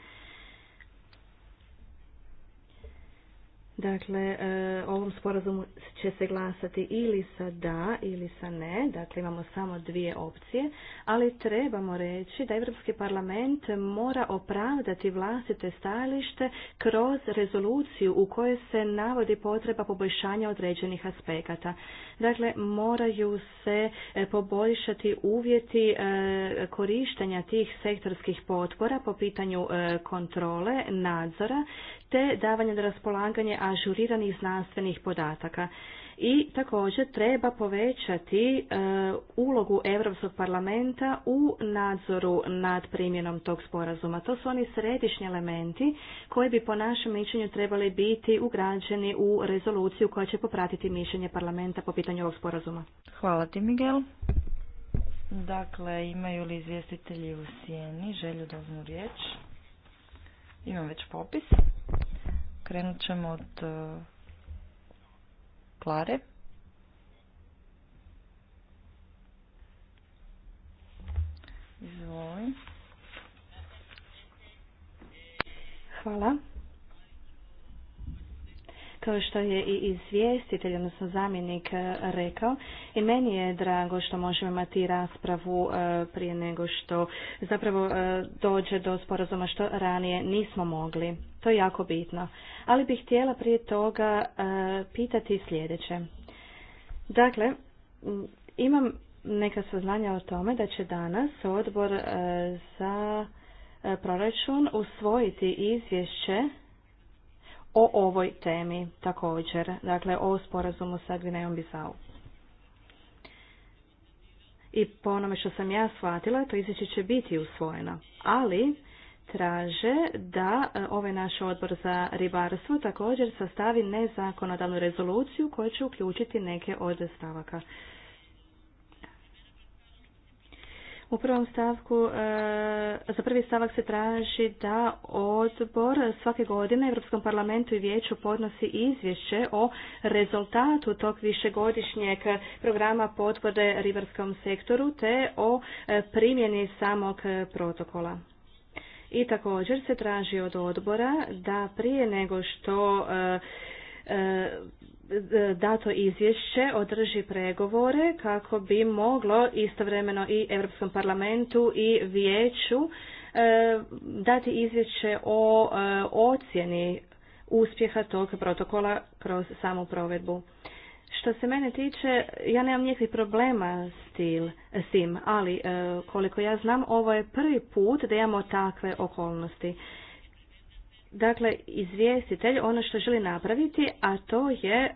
Dakle, e, ovom sporazumu će se glasati ili sa da ili sa ne, dakle imamo samo dvije opcije, ali trebamo reći da Europski parlament mora opravdati vlastite stajalište kroz rezoluciju u kojoj se navodi potreba poboljšanja određenih aspekata. Dakle, moraju se e, poboljšati uvjeti e, korištenja tih sektorskih potpora po pitanju e, kontrole, nadzora te davanja na raspolaganje ažuriranih znanstvenih podataka i također treba povećati e, ulogu Europskog parlamenta u nadzoru nad primjenom tog sporazuma. To su oni središnji elementi koji bi po našem mišljenju trebali biti ugrađeni u rezoluciju koja će popratiti mišljenje parlamenta po pitanju ovog sporazuma. Hvala ti Miguel. Dakle, imaju li izvjestitelji u sjeni želju da uzmu riječ? Imam već popis. Krenut ćemo od e, Klare. Hvala. Kao što je i izvjestitelj, odnosno zamjenik e, rekao, i meni je drago što možemo imati raspravu e, prije nego što zapravo e, dođe do sporazuma što ranije nismo mogli. To je jako bitno. Ali bih htjela prije toga e, pitati sljedeće. Dakle, imam neka saznanja o tome da će danas odbor e, za e, proračun usvojiti izvješće o ovoj temi također, dakle o sporazumu sa Gvinejom Bisau. I po onome što sam ja shvatila, to izvješće će biti usvojeno. Ali traže da e, ovaj naš odbor za ribarstvo također sastavi nezakonodavnu rezoluciju koja će uključiti neke od stavaka. U prvom stavku, e, za prvi stavak se traži da odbor svake godine Europskom parlamentu i vijeću podnosi izvješće o rezultatu tog višegodišnjeg programa potpore ribarskom sektoru te o e, primjeni samog protokola. I također se traži od odbora da prije nego što e, e, dato izvješće održi pregovore kako bi moglo istovremeno i Europskom parlamentu i vijeću e, dati izvješće o ocjeni uspjeha tog protokola kroz samu provedbu. Što se mene tiče, ja nemam nikakvih problema s tim, ali e, koliko ja znam, ovo je prvi put da imamo takve okolnosti. Dakle, izvjestitelj ono što želi napraviti, a to je e,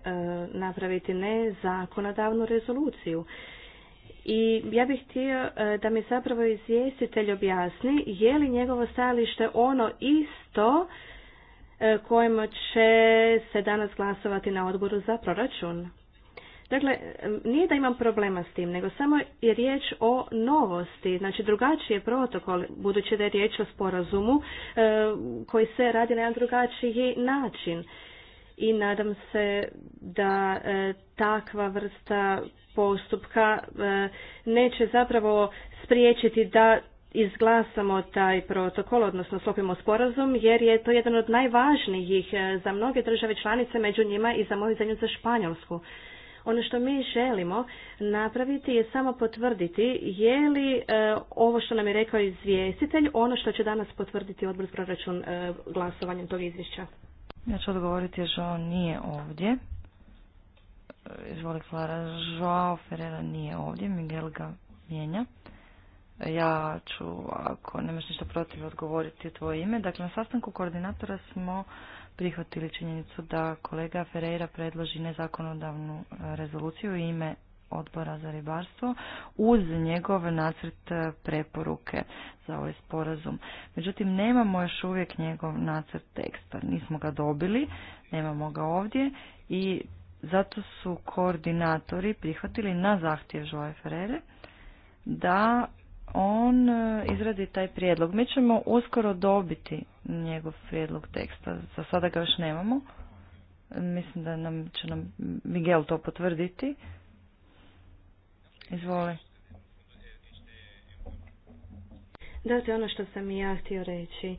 napraviti nezakonodavnu rezoluciju. I ja bih htio e, da mi zapravo izvjestitelj objasni je li njegovo stajalište ono isto kojima će se danas glasovati na odboru za proračun. Dakle, nije da imam problema s tim, nego samo je riječ o novosti, znači drugačiji je protokol, budući da je riječ o sporazumu e, koji se radi na jedan drugačiji način. I nadam se da e, takva vrsta postupka e, neće zapravo spriječiti da izglasamo taj protokol, odnosno slopimo sporazum, jer je to jedan od najvažnijih za mnoge države članice, među njima i za moju zemlju za Španjolsku. Ono što mi želimo napraviti je samo potvrditi je li e, ovo što nam je rekao izvjestitelj ono što će danas potvrditi odbor proračun e, glasovanjem tog izvješća. Ja ću odgovoriti jer nije ovdje. E, izvoli Klara, Ferreira nije ovdje, Miguel ga mijenja. Ja ću, ako nemaš ništa protiv, odgovoriti tvoje ime. Dakle, na sastanku koordinatora smo prihvatili činjenicu da kolega Ferreira predloži nezakonodavnu rezoluciju u ime odbora za ribarstvo uz njegov nacrt preporuke za ovaj sporazum. Međutim, nemamo još uvijek njegov nacrt teksta. Nismo ga dobili, nemamo ga ovdje i zato su koordinatori prihvatili na zahtjev Joa Ferreira da on e, izradi taj prijedlog. Mi ćemo uskoro dobiti njegov prijedlog teksta. Za sada ga još nemamo. Mislim da nam će nam Miguel to potvrditi. Izvoli. Da, to je ono što sam i ja htio reći.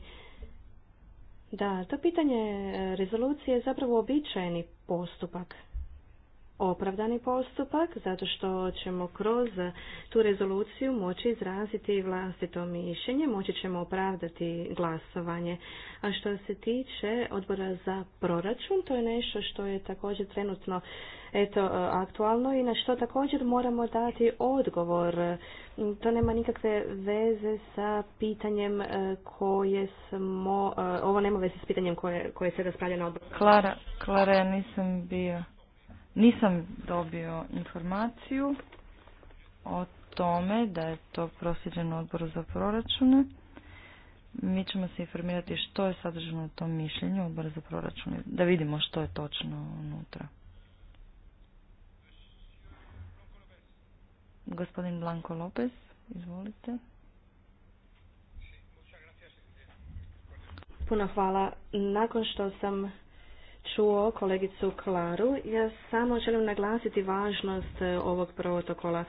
Da, to pitanje e, rezolucije je zapravo običajni postupak opravdani postupak zato što ćemo kroz tu rezoluciju moći izraziti vlastito mišljenje, moći ćemo opravdati glasovanje. A što se tiče odbora za proračun, to je nešto što je također trenutno eto, aktualno i na što također moramo dati odgovor. To nema nikakve veze sa pitanjem e, koje smo, e, ovo nema veze s pitanjem koje, koje se raspravlja na odboru. Klara, Klara, ja nisam bio nisam dobio informaciju o tome da je to prosjeđeno odboru za proračune. Mi ćemo se informirati što je sadržano u tom mišljenju odbora za proračune, da vidimo što je točno unutra. Gospodin Blanko Lopez, izvolite. Puno hvala. Nakon što sam čuo kolegicu Klaru. Ja samo želim naglasiti važnost e, ovog protokola.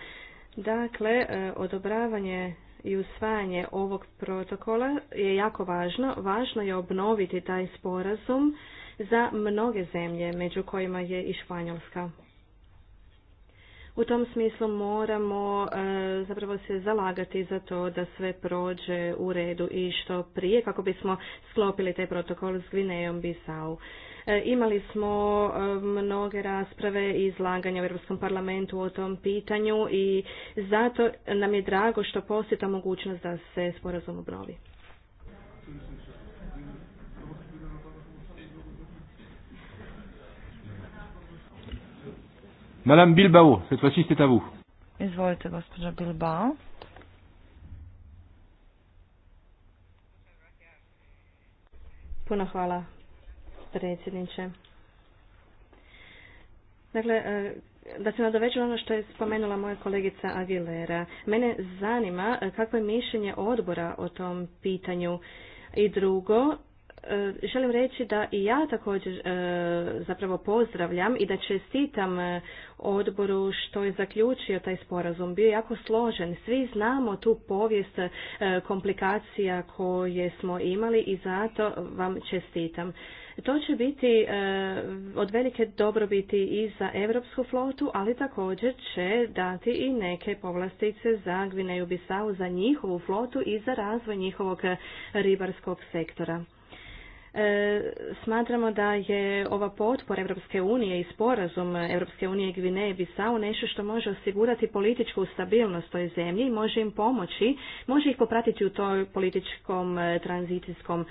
Dakle, e, odobravanje i usvajanje ovog protokola je jako važno. Važno je obnoviti taj sporazum za mnoge zemlje, među kojima je i Španjolska. U tom smislu moramo e, zapravo se zalagati za to da sve prođe u redu i što prije kako bismo sklopili taj protokol s Gvinejom Bisau. E, imali smo e, mnoge rasprave i izlaganja u Europskom parlamentu o tom pitanju i zato nam je drago što postoji mogućnost da se sporazum obnovi. Madame Bilbao, cette fois c'est à vous. Izvolite, gospođa Bilbao. Puno hvala predsjedniče. Dakle, e, da se nadoveću ono što je spomenula moja kolegica Aguilera. Mene zanima e, kakvo je mišljenje odbora o tom pitanju. I drugo, e, želim reći da i ja također zapravo pozdravljam i da čestitam odboru što je zaključio taj sporazum. Bio je jako složen. Svi znamo tu povijest komplikacija koje smo imali i zato vam čestitam. To će biti e, od velike dobrobiti i za europsku flotu, ali također će dati i neke povlastice za Gvineju Bisau, za njihovu flotu i za razvoj njihovog ribarskog sektora. E, smatramo da je ova potpora Europske unije i sporazum Europske unije i Gvineje Bisao nešto što može osigurati političku stabilnost toj zemlji i može im pomoći, može ih popratiti u toj političkom e, tranzicijskom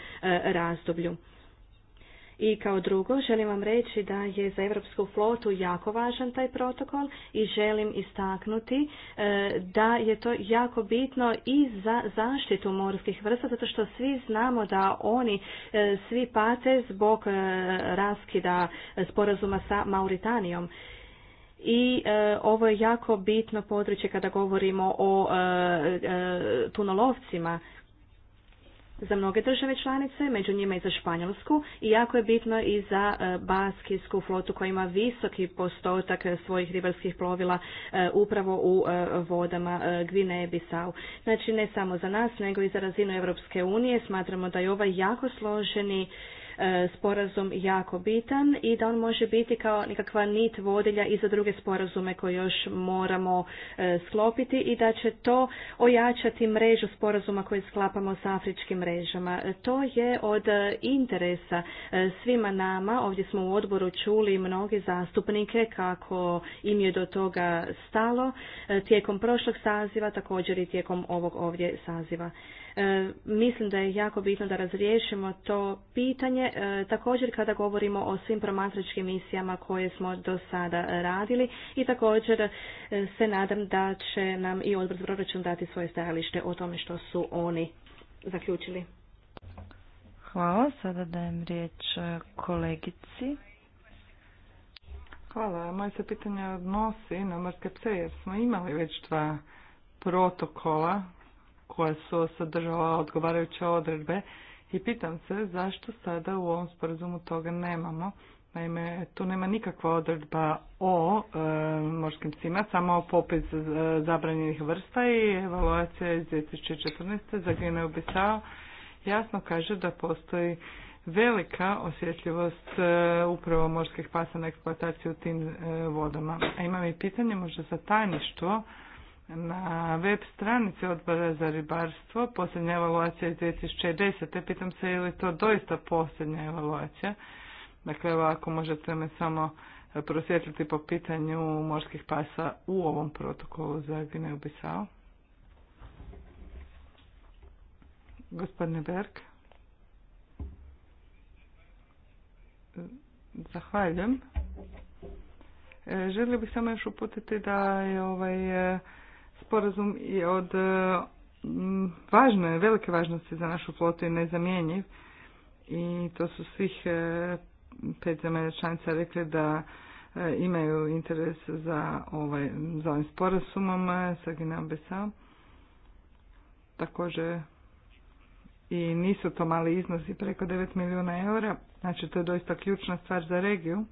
razdoblju. I kao drugo, želim vam reći da je za Europsku flotu jako važan taj protokol i želim istaknuti e, da je to jako bitno i za zaštitu morskih vrsta, zato što svi znamo da oni e, svi pate zbog e, raskida sporazuma sa Mauritanijom. I ovo je jako bitno područje kada govorimo o tunolovcima za mnoge države članice, među njima i za Španjolsku i jako je bitno i za e, baskijsku flotu koja ima visoki postotak e, svojih ribarskih plovila e, upravo u vodama Gvineje Bisau. Znači ne samo za nas nego i za razinu Europske unije smatramo da je ovaj jako složeni E, sporazum jako bitan i da on može biti kao nekakva nit vodilja i za druge sporazume koje još moramo e, sklopiti i da će to ojačati mrežu sporazuma koje sklapamo s afričkim mrežama. E, to je od interesa svima nama. Ovdje smo u odboru čuli mnoge zastupnike kako im je do toga stalo tijekom prošlog saziva, također i tijekom ovog ovdje saziva. E, mislim da je jako bitno da razriješimo to pitanje. E, također kada govorimo o svim promatračkim misijama koje smo do sada radili i također e, se nadam da će nam i odbor za proračun dati svoje stajalište o tome što su oni zaključili. Hvala. Sada dajem riječ kolegici. Hvala. Moje se pitanje odnosi na morske pse jer smo imali već dva protokola koja su sadržala odgovarajuće odredbe i pitam se zašto sada u ovom sporazumu toga nemamo. Naime, tu nema nikakva odredba o e, morskim psima, samo popis e, zabranjenih vrsta i evaluacija iz 2014. za Gvineju Bisao jasno kaže da postoji velika osjetljivost e, upravo morskih pasa na eksploataciju u tim vodama. A imam i pitanje možda za tajništvo, na web stranici odbora za ribarstvo posljednja evaluacija je 2010. Pitam se je li to doista posljednja evaluacija. Dakle, ako možete me samo e, prosvjetljati po pitanju morskih pasa u ovom protokolu za Gineju Bisao. Gospodine Berg. Zahvaljujem. E, želio bih samo još uputiti da je ovaj e, sporazum i od e, je, velike važnosti za našu flotu i nezamjenjiv. I to su svih e, pet zemalja članica rekli da e, imaju interes za, ovaj, za ovim sporazumom sa Gineom Također i nisu to mali iznosi preko 9 milijuna eura, znači to je doista ključna stvar za regiju,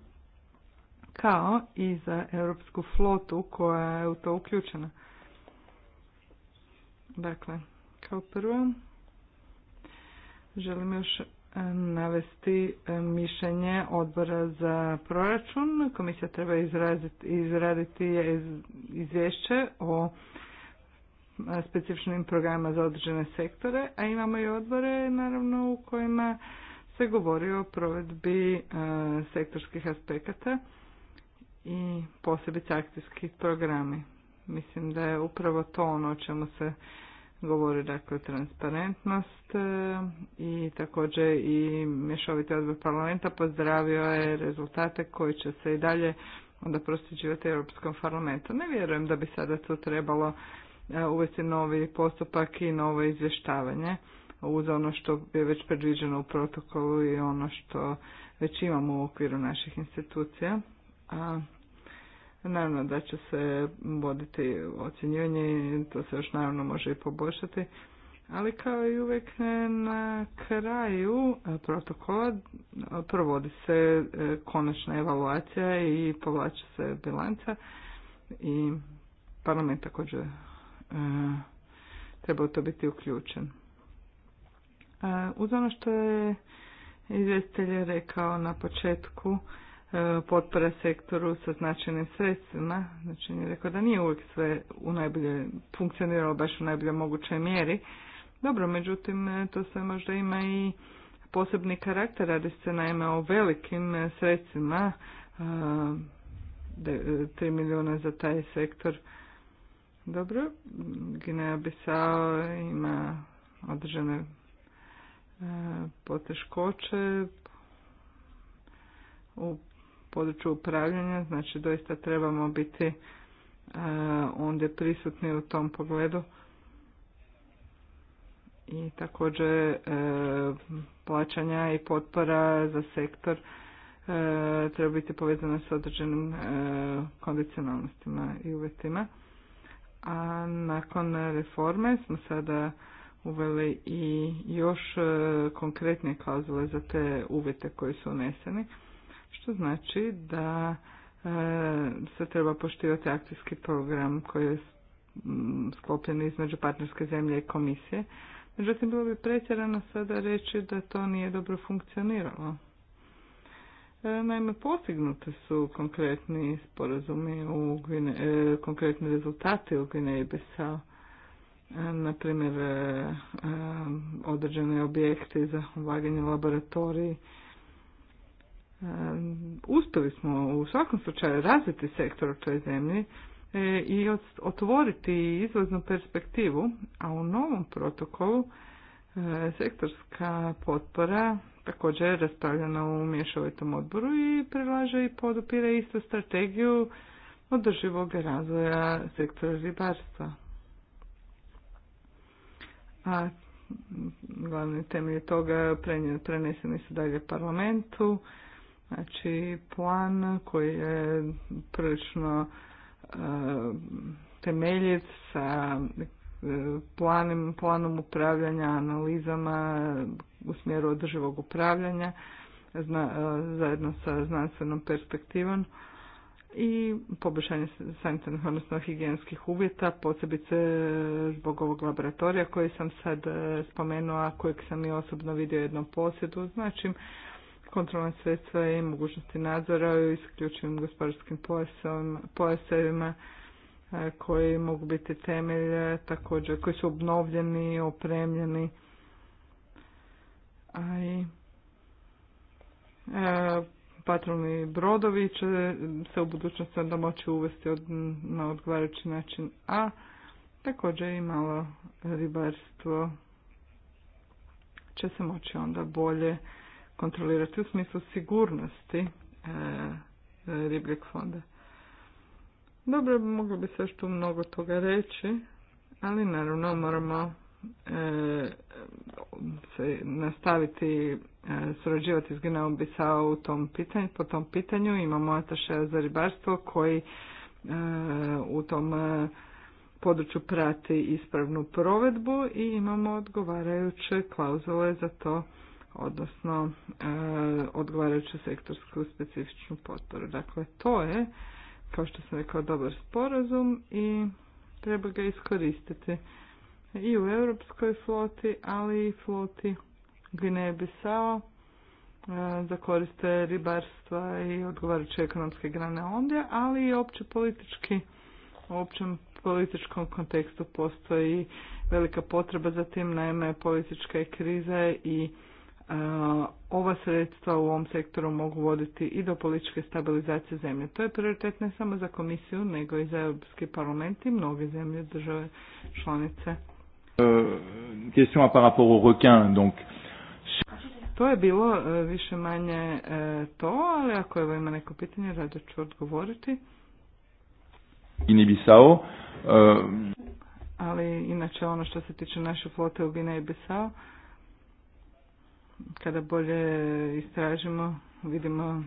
kao i za europsku flotu koja je u to uključena. Dakle, kao prvo želim još e, navesti e, mišljenje odbora za proračun. Komisija treba izraziti, izraditi izvješće o e, specifičnim programima za određene sektore, a imamo i odbore naravno u kojima se govori o provedbi sektorskih aspekata i posebice akcijskih programi. Mislim da je upravo to ono o čemu se govori, dakle, transparentnost e, i također i mješoviti odbor parlamenta pozdravio je rezultate koji će se i dalje onda prostiđivati Europskom parlamentu. Ne vjerujem da bi sada tu trebalo e, uvesti novi postupak i novo izvještavanje uz ono što je već predviđeno u protokolu i ono što već imamo u okviru naših institucija. A Naravno da će se voditi ocjenjivanje, to se još naravno može i poboljšati. Ali kao i uvijek na kraju protokola provodi se e, konačna evaluacija i povlače se bilanca i parlament također e, treba u to biti uključen. E, uz ono što je izvjestitelj rekao na početku, E, potpora sektoru sa značajnim sredstvima. Znači, nije rekao da nije uvijek sve u najbolje, funkcioniralo baš u najbolje mogućoj mjeri. Dobro, međutim, e, to sve možda ima i posebni karakter, radi se naime o velikim e, sredstvima, 3 milijuna za taj sektor. Dobro, Gineja Bisao ima održane poteškoće u području upravljanja, znači doista trebamo biti e, ondje prisutni u tom pogledu. I također e, plaćanja i potpora za sektor e, treba biti povezana s određenim kondicionalnostima i uvjetima. A nakon reforme smo sada uveli i još konkretnije klauzule za te uvjete koji su uneseni što znači da e, se treba poštivati akcijski program koji je sklopljen između partnerske zemlje i komisije. Međutim, bilo bi pretjerano sada reći da to nije dobro funkcioniralo. E, naime, postignuti su konkretni sporazumi, u e, konkretni rezultati u Gvineji na naprimjer, određeni objekti za ulaganje laboratoriji uspjeli smo u svakom slučaju razviti sektor u toj zemlji e, i otvoriti izvoznu perspektivu, a u novom protokolu e, sektorska potpora također je raspravljena u mješovitom odboru i predlaže i podupire istu strategiju održivog razvoja sektora ribarstva. A glavni temelj toga preneseni su dalje parlamentu Znači, plan koji je prilično e, temeljit sa e, planom upravljanja, analizama u smjeru održivog upravljanja e, zajedno sa znanstvenom perspektivom i poboljšanje sanitarnih, odnosno higijenskih uvjeta, posebice zbog ovog laboratorija koji sam sad spomenula, kojeg sam i osobno vidio jednom posjedu. Znači, kontrolna sredstva i mogućnosti nadzora u isključivim gospodarskim pojasevima e, koji mogu biti temelje također koji su obnovljeni, opremljeni a i e, patrolni brodovi će se u budućnosti onda moći uvesti na odgovarajući način a također i malo ribarstvo će se moći onda bolje kontrolirati u smislu sigurnosti e, ribljeg fonda. Dobro, moglo bi se još tu mnogo toga reći, ali naravno moramo e, se nastaviti e, surađivati s Gineom Bisao u tom pitanju, po tom pitanju. Imamo ATAŠE za ribarstvo koji e, u tom e, području prati ispravnu provedbu i imamo odgovarajuće klauzule za to odnosno e, odgovarajuću sektorsku specifičnu potporu. Dakle, to je, kao što sam rekao, dobar sporazum i treba ga iskoristiti i u europskoj floti, ali i floti Gvineje Bisao e, za koriste ribarstva i odgovarajuće ekonomske grane ondje, ali i opće politički, u općem političkom kontekstu postoji velika potreba za tim, naime politička je kriza i ova sredstva u ovom sektoru mogu voditi i do političke stabilizacije zemlje. To je prioritet ne samo za komisiju, nego i za Europski parlament i mnoge zemlje, države, članice. E, to je bilo e, više manje e, to, ali ako evo ima neko pitanje, rado ću odgovoriti. Ali inače ono što se tiče naše flote u i kada bolje istražimo, vidimo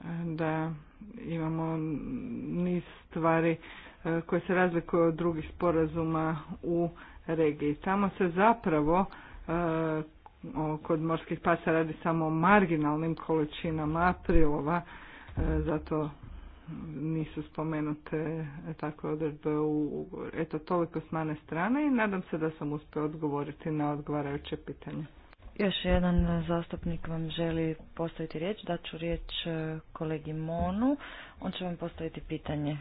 e, da imamo niz stvari e, koje se razlikuju od drugih sporazuma u regiji. Tamo se zapravo e, kod morskih pasa radi samo o marginalnim količinama aprilova, zato nisu spomenute takve odredbe u Eto, toliko s mane strane i nadam se da sam uspio odgovoriti na odgovarajuće pitanje. Još jedan zastupnik vam želi postaviti riječ. ću riječ e, kolegi Monu. On će vam postaviti pitanje.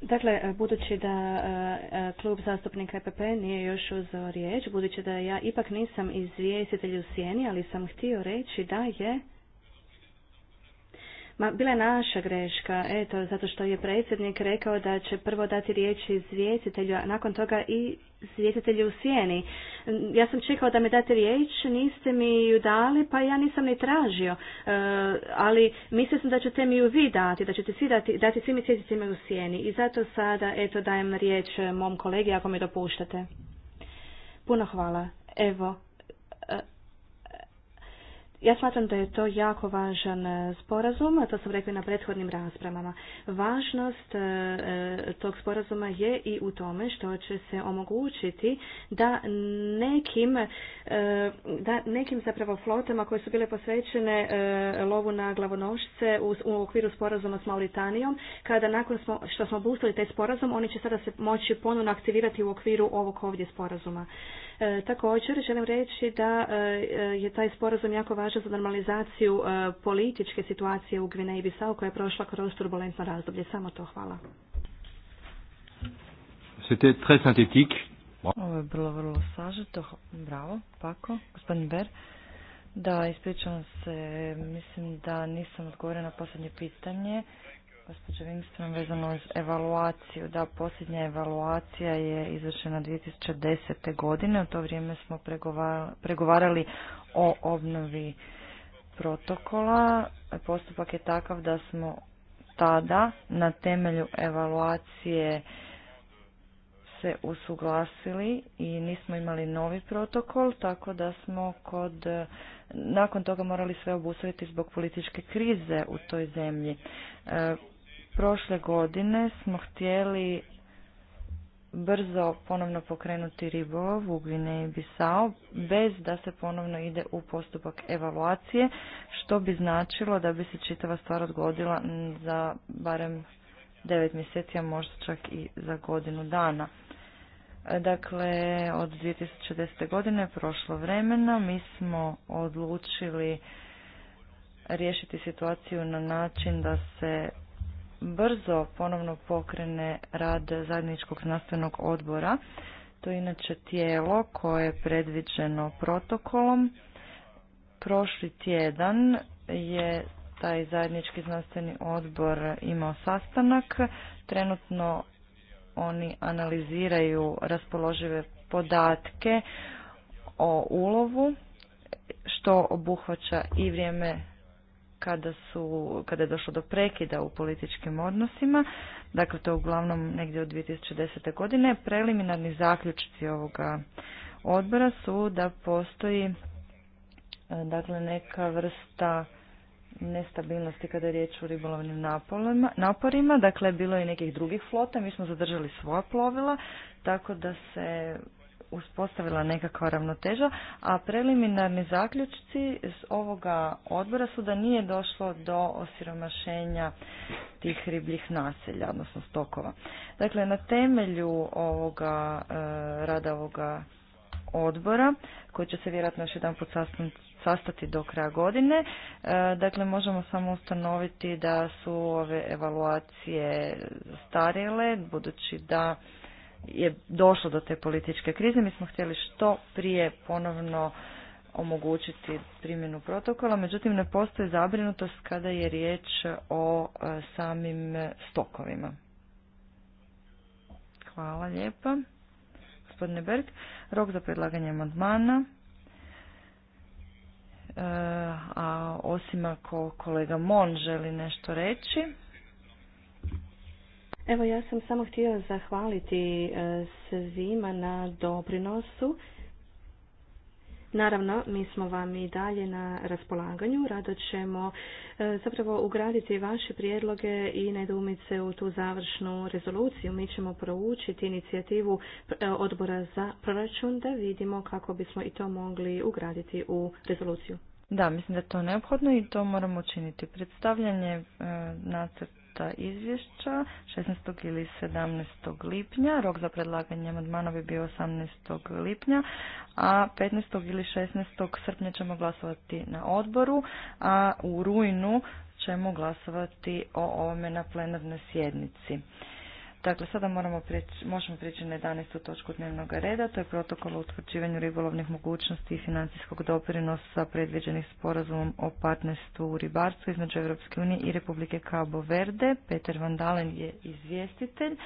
Dakle, e, budući da e, klub zastupnika EPP nije još uzeo riječ, budući da ja ipak nisam izvjestitelj u sjeni, ali sam htio reći da je Ma bila je naša greška, eto, zato što je predsjednik rekao da će prvo dati riječ izvjestitelju, a nakon toga i izvjestitelju u sjeni. Ja sam čekao da mi date riječ, niste mi ju dali, pa ja nisam ni tražio. E, ali mislio sam da ćete mi ju vi dati, da ćete svi dati, dati svimi u sjeni. I zato sada, eto, dajem riječ mom kolegi, ako mi dopuštate. Puno hvala. Evo, ja smatram da je to jako važan e, sporazum, a to sam rekla na prethodnim raspravama. Važnost e, e, tog sporazuma je i u tome što će se omogućiti da nekim, da nekim zapravo flotama koje su bile posvećene lovu na glavonošce u okviru sporazuma s Mauritanijom, kada nakon što smo obustali taj sporazum, oni će sada se moći ponovno aktivirati u okviru ovog ovdje sporazuma. Također želim reći da je taj sporazum jako važan za normalizaciju e, političke situacije u Gvineji Bisao koja je prošla kroz turbulentno razdoblje. Samo to, hvala. Ovo je bilo vrlo sažeto. Bravo, Pako. Gospodin Ber. Da, ispričavam se. Mislim da nisam odgovorila na posljednje pitanje. Gospođa vezano uz evaluaciju. Da, posljednja evaluacija je izvršena 2010. godine. U to vrijeme smo pregovarali o obnovi protokola. Postupak je takav da smo tada na temelju evaluacije se usuglasili i nismo imali novi protokol, tako da smo kod, nakon toga morali sve obustaviti zbog političke krize u toj zemlji. E, prošle godine smo htjeli brzo ponovno pokrenuti ribolov u Gvineji Bisao bez da se ponovno ide u postupak evaluacije, što bi značilo da bi se čitava stvar odgodila za barem 9 mjeseci, a možda čak i za godinu dana. Dakle, od 2010. godine je prošlo vremena, mi smo odlučili riješiti situaciju na način da se brzo ponovno pokrene rad zajedničkog znanstvenog odbora. To je inače tijelo koje je predviđeno protokolom. Prošli tjedan je taj zajednički znanstveni odbor imao sastanak. Trenutno oni analiziraju raspoložive podatke o ulovu, što obuhvaća i vrijeme kada, su, kada je došlo do prekida u političkim odnosima, dakle to je uglavnom negdje od 2010. godine, preliminarni zaključci ovoga odbora su da postoji e, dakle neka vrsta nestabilnosti kada je riječ o ribolovnim naporima, naporima. Dakle, bilo je i nekih drugih flota, mi smo zadržali svoja plovila, tako da se uspostavila nekakva ravnoteža, a preliminarni zaključci iz ovoga odbora su da nije došlo do osiromašenja tih ribljih naselja, odnosno stokova. Dakle, na temelju ovoga e, rada ovoga odbora, koji će se vjerojatno još jedan put sastati do kraja godine. E, dakle, možemo samo ustanoviti da su ove evaluacije starjele, budući da je došlo do te političke krize. Mi smo htjeli što prije ponovno omogućiti primjenu protokola, međutim ne postoji zabrinutost kada je riječ o e, samim stokovima. Hvala lijepa. Gospodine Berg, rok za predlaganje amandmana. E, a osim ako kolega Mon želi nešto reći. Evo ja sam samo htio zahvaliti e, svima na doprinosu. Naravno, mi smo vam i dalje na raspolaganju. Rado ćemo e, zapravo ugraditi vaše prijedloge i nedumice u tu završnu rezoluciju. Mi ćemo proučiti inicijativu e, odbora za proračun da vidimo kako bismo i to mogli ugraditi u rezoluciju. Da, mislim da je to neophodno i to moramo učiniti. Predstavljanje nacrta ta izvješća 16. ili 17. lipnja. Rok za predlaganje amandmana bi bio 18. lipnja, a 15. ili 16. srpnja ćemo glasovati na odboru, a u rujnu ćemo glasovati o ovome na plenarnoj sjednici. Dakle, sada moramo možemo prijeći na 11. točku dnevnog reda, to je protokol o utvrđivanju ribolovnih mogućnosti i financijskog doprinosa predviđenih sporazumom o partnerstvu u ribarstvu između Europske unije i Republike Cabo Verde. Peter Van Dalen je izvjestitelj.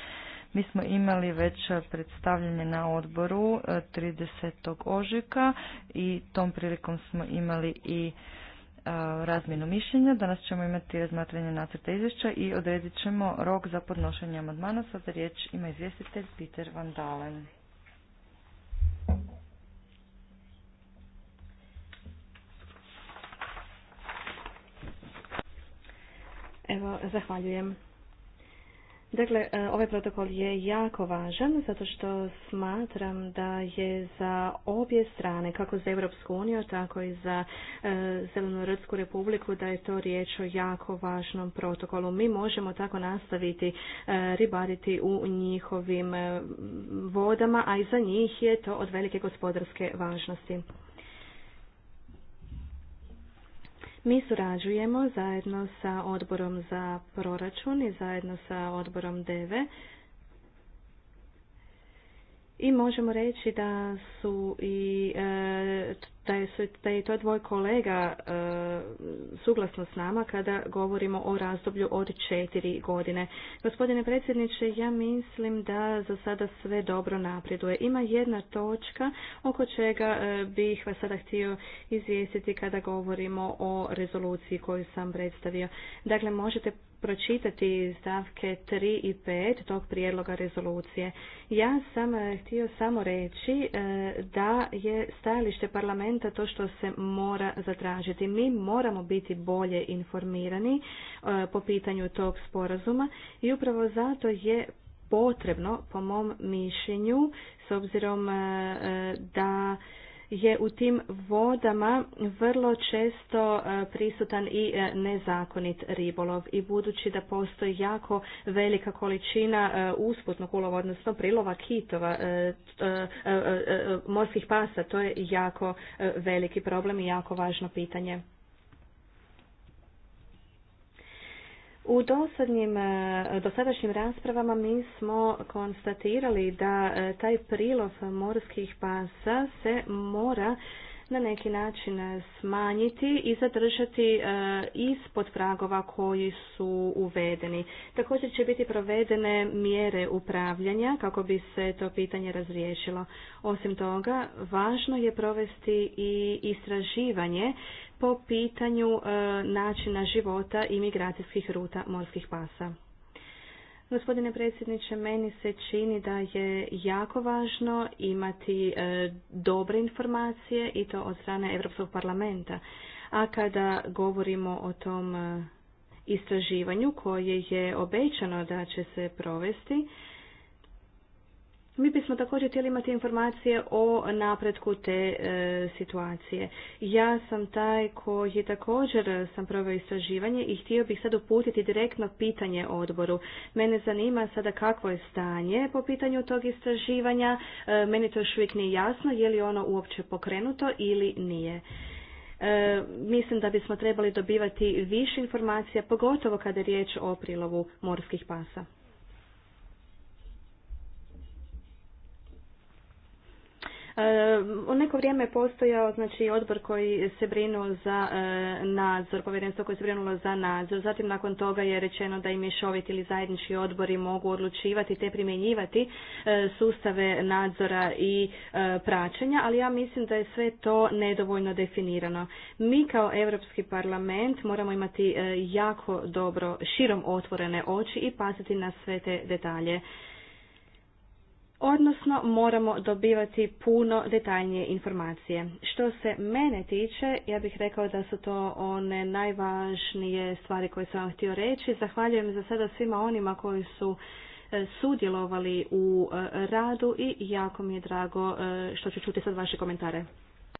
Mi smo imali već predstavljanje na odboru 30. Eh, ožujka i tom prilikom smo imali i razmjenu mišljenja. Danas ćemo imati razmatranje nacrta izvješća i odredit ćemo rok za podnošenje amandmana. Sada riječ ima izvjestitelj Peter Van Dalen. Evo, zahvaljujem. Dakle, e, ovaj protokol je jako važan zato što smatram da je za obje strane, kako za Europsku uniju, tako i za e, Zelenorodsku republiku, da je to riječ o jako važnom protokolu. Mi možemo tako nastaviti e, ribariti u njihovim vodama, a i za njih je to od velike gospodarske važnosti. Mi surađujemo zajedno sa odborom za proračun i zajedno sa odborom DEVE i možemo reći da su i e, da je, da je to dvoj kolega e, suglasno s nama kada govorimo o razdoblju od četiri godine. Gospodine predsjedniče, ja mislim da za sada sve dobro napreduje. Ima jedna točka oko čega e, bih vas sada htio izvijestiti kada govorimo o rezoluciji koju sam predstavio. Dakle, možete pročitati stavke 3 i 5 tog prijedloga rezolucije. Ja sam eh, htio samo reći eh, da je stajalište parlamenta to što se mora zatražiti. Mi moramo biti bolje informirani eh, po pitanju tog sporazuma i upravo zato je potrebno, po mom mišljenju, s obzirom da je u tim vodama vrlo često e, prisutan i e, nezakonit ribolov i budući da postoji jako velika količina e, usputnog ulova, odnosno prilova kitova, morskih pasa, to je jako veliki problem i jako važno pitanje. U dosadnjim, e, dosadašnjim raspravama mi smo konstatirali da e, taj prilov morskih pasa se mora na neki način smanjiti i zadržati e, ispod pragova koji su uvedeni. Također će biti provedene mjere upravljanja kako bi se to pitanje razriješilo. Osim toga, važno je provesti i istraživanje po pitanju e, načina života i migracijskih ruta morskih pasa. Gospodine predsjedniče, meni se čini da je jako važno imati e, dobre informacije i to od strane Europskog parlamenta. A kada govorimo o tom e, istraživanju koje je obećano da će se provesti, mi bismo također htjeli imati informacije o napretku te e, situacije. Ja sam taj koji također sam proveo istraživanje i htio bih sad uputiti direktno pitanje odboru. Mene zanima sada kakvo je stanje po pitanju tog istraživanja. E, meni to još uvijek nije jasno je li ono uopće pokrenuto ili nije. E, mislim da bismo trebali dobivati više informacija, pogotovo kada je riječ o prilovu morskih pasa. U neko vrijeme je postojao znači, odbor koji se brinuo za e, nadzor, povjerenstvo koje se brinulo za nadzor. Zatim nakon toga je rečeno da i mješoviti ili zajednički odbori mogu odlučivati te primjenjivati e, sustave nadzora i e, praćenja, ali ja mislim da je sve to nedovoljno definirano. Mi kao Europski parlament moramo imati jako dobro, širom otvorene oči i paziti na sve te detalje odnosno moramo dobivati puno detaljnije informacije. Što se mene tiče, ja bih rekao da su to one najvažnije stvari koje sam vam htio reći. Zahvaljujem za sada svima onima koji su e, sudjelovali u e, radu i jako mi je drago e, što ću čuti sad vaše komentare.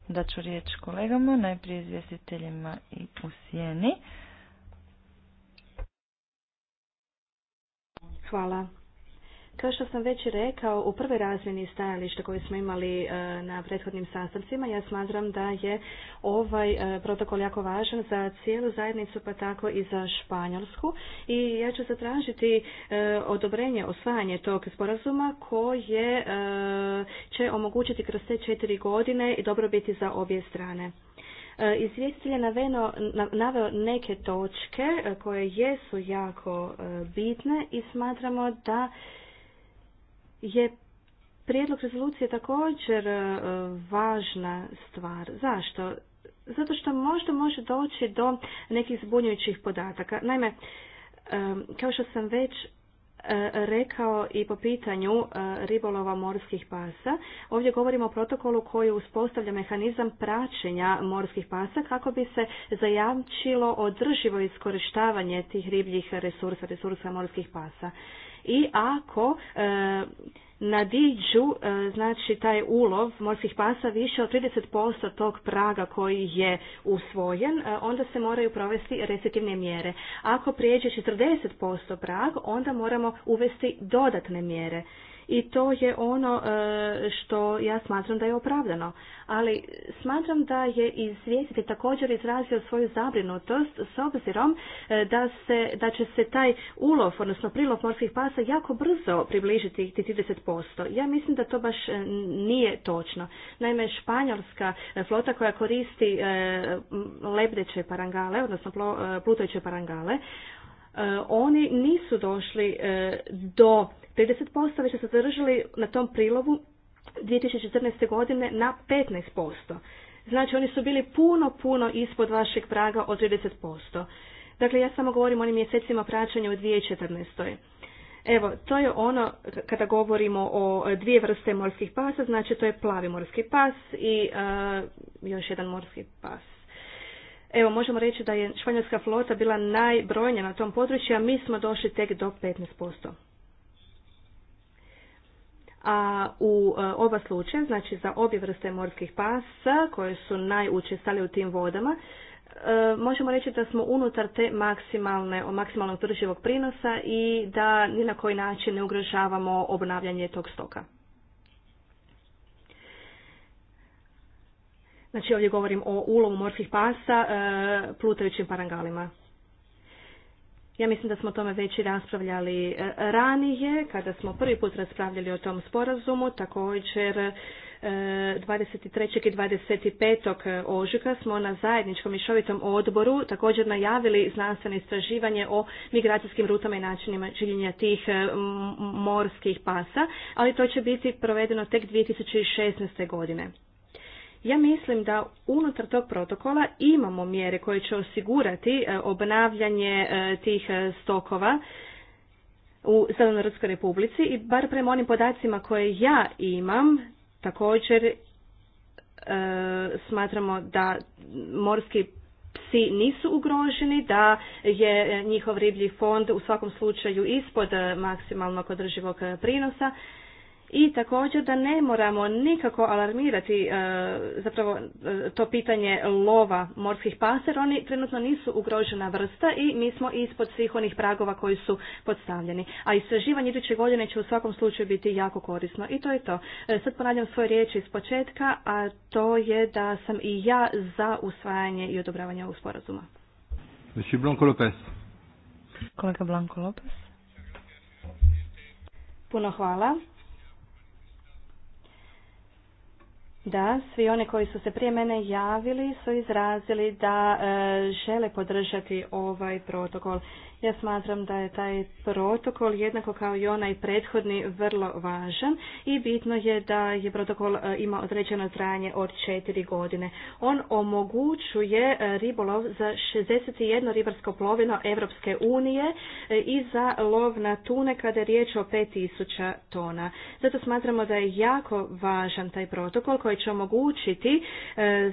Da ću riječ kolegama, najprije izvjestiteljima i u Hvala. Kao što sam već rekao, u prvoj razmjeni stajališta koje smo imali e, na prethodnim sastancima, ja smatram da je ovaj e, protokol jako važan za cijelu zajednicu, pa tako i za Španjolsku. I ja ću zatražiti e, odobrenje, osvajanje tog sporazuma koje će omogućiti kroz te četiri godine i dobrobiti za obje strane. Izvjestitelj je naveo neke točke koje jesu jako bitne i smatramo da je prijedlog rezolucije također e, važna stvar. Zašto? Zato što možda može doći do nekih zbunjujućih podataka. Naime, e, kao što sam već e, rekao i po pitanju ribolova morskih pasa. Ovdje govorimo o protokolu koji uspostavlja mehanizam praćenja morskih pasa kako bi se zajamčilo održivo iskorištavanje tih ribljih resursa, resursa morskih pasa i ako e, nadiđu e, znači taj ulov morskih pasa više od 30% tog praga koji je usvojen, e, onda se moraju provesti restriktivne mjere. Ako prijeđe 40% prag, onda moramo uvesti dodatne mjere i to je ono e, što ja smatram da je opravdano. Ali smatram da je izvjestitelj također izrazio svoju zabrinutost s obzirom e, da, se, da će se taj ulov, odnosno prilov morskih pasa jako brzo približiti ti 30%. Ja mislim da to baš e, nije točno. Naime, španjolska flota koja koristi lebdeće parangale, odnosno plutajuće parangale, E, oni nisu došli e, do 30%, već su se zadržali na tom prilovu 2014. godine na 15%. Znači oni su bili puno, puno ispod vašeg praga od 30%. Dakle, ja samo govorim o onim mjesecima praćanja u 2014. Evo, to je ono kada govorimo o e, dvije vrste morskih pasa, znači to je plavi morski pas i još jedan morski pas. Evo, možemo reći da je španjolska flota bila najbrojnija na tom području, a mi smo došli tek do 15%. A u e, oba slučaja, znači za obje vrste morskih pasa koje su najučestali u tim vodama, e, možemo reći da smo unutar te maksimalne, maksimalnog trživog prinosa i da ni na koji način ne ugrožavamo obnavljanje tog stoka. Znači ovdje govorim o ulovu morskih pasa e, plutajućim parangalima. Ja mislim da smo o tome već i raspravljali e, ranije, kada smo prvi put raspravljali o tom sporazumu, također 23. E, i 25. ožujka smo na zajedničkom išovitom odboru također najavili znanstveno istraživanje o migracijskim rutama i načinima činjenja tih morskih pasa, ali to će biti provedeno tek 2016. godine. Ja mislim da unutar tog protokola imamo mjere koje će osigurati e, obnavljanje e, tih e, stokova u Zelenorodskoj republici i bar prema onim podacima koje ja imam također smatramo da morski psi nisu ugroženi, da je njihov riblji fond u svakom slučaju ispod maksimalnog održivog prinosa i također da ne moramo nikako alarmirati e, zapravo e, to pitanje lova morskih pasera. oni trenutno nisu ugrožena vrsta i mi smo ispod svih onih pragova koji su podstavljeni. A istraživanje iduće godine će u svakom slučaju biti jako korisno i to je to. E, sad ponavljam svoje riječi iz početka, a to je da sam i ja za usvajanje i odobravanje ovog sporazuma. Lopez. Kolega Blanco Lopez. Puno hvala. Da, svi oni koji su se prije mene javili su izrazili da e, žele podržati ovaj protokol. Ja smatram da je taj protokol jednako kao i onaj prethodni vrlo važan i bitno je da je protokol e, ima određeno trajanje od četiri godine. On omogućuje e, ribolov za 61 ribarsko plovino Europske unije e, i za lov na tune kada je riječ o 5000 tona. Zato smatramo da je jako važan taj protokol koji će omogućiti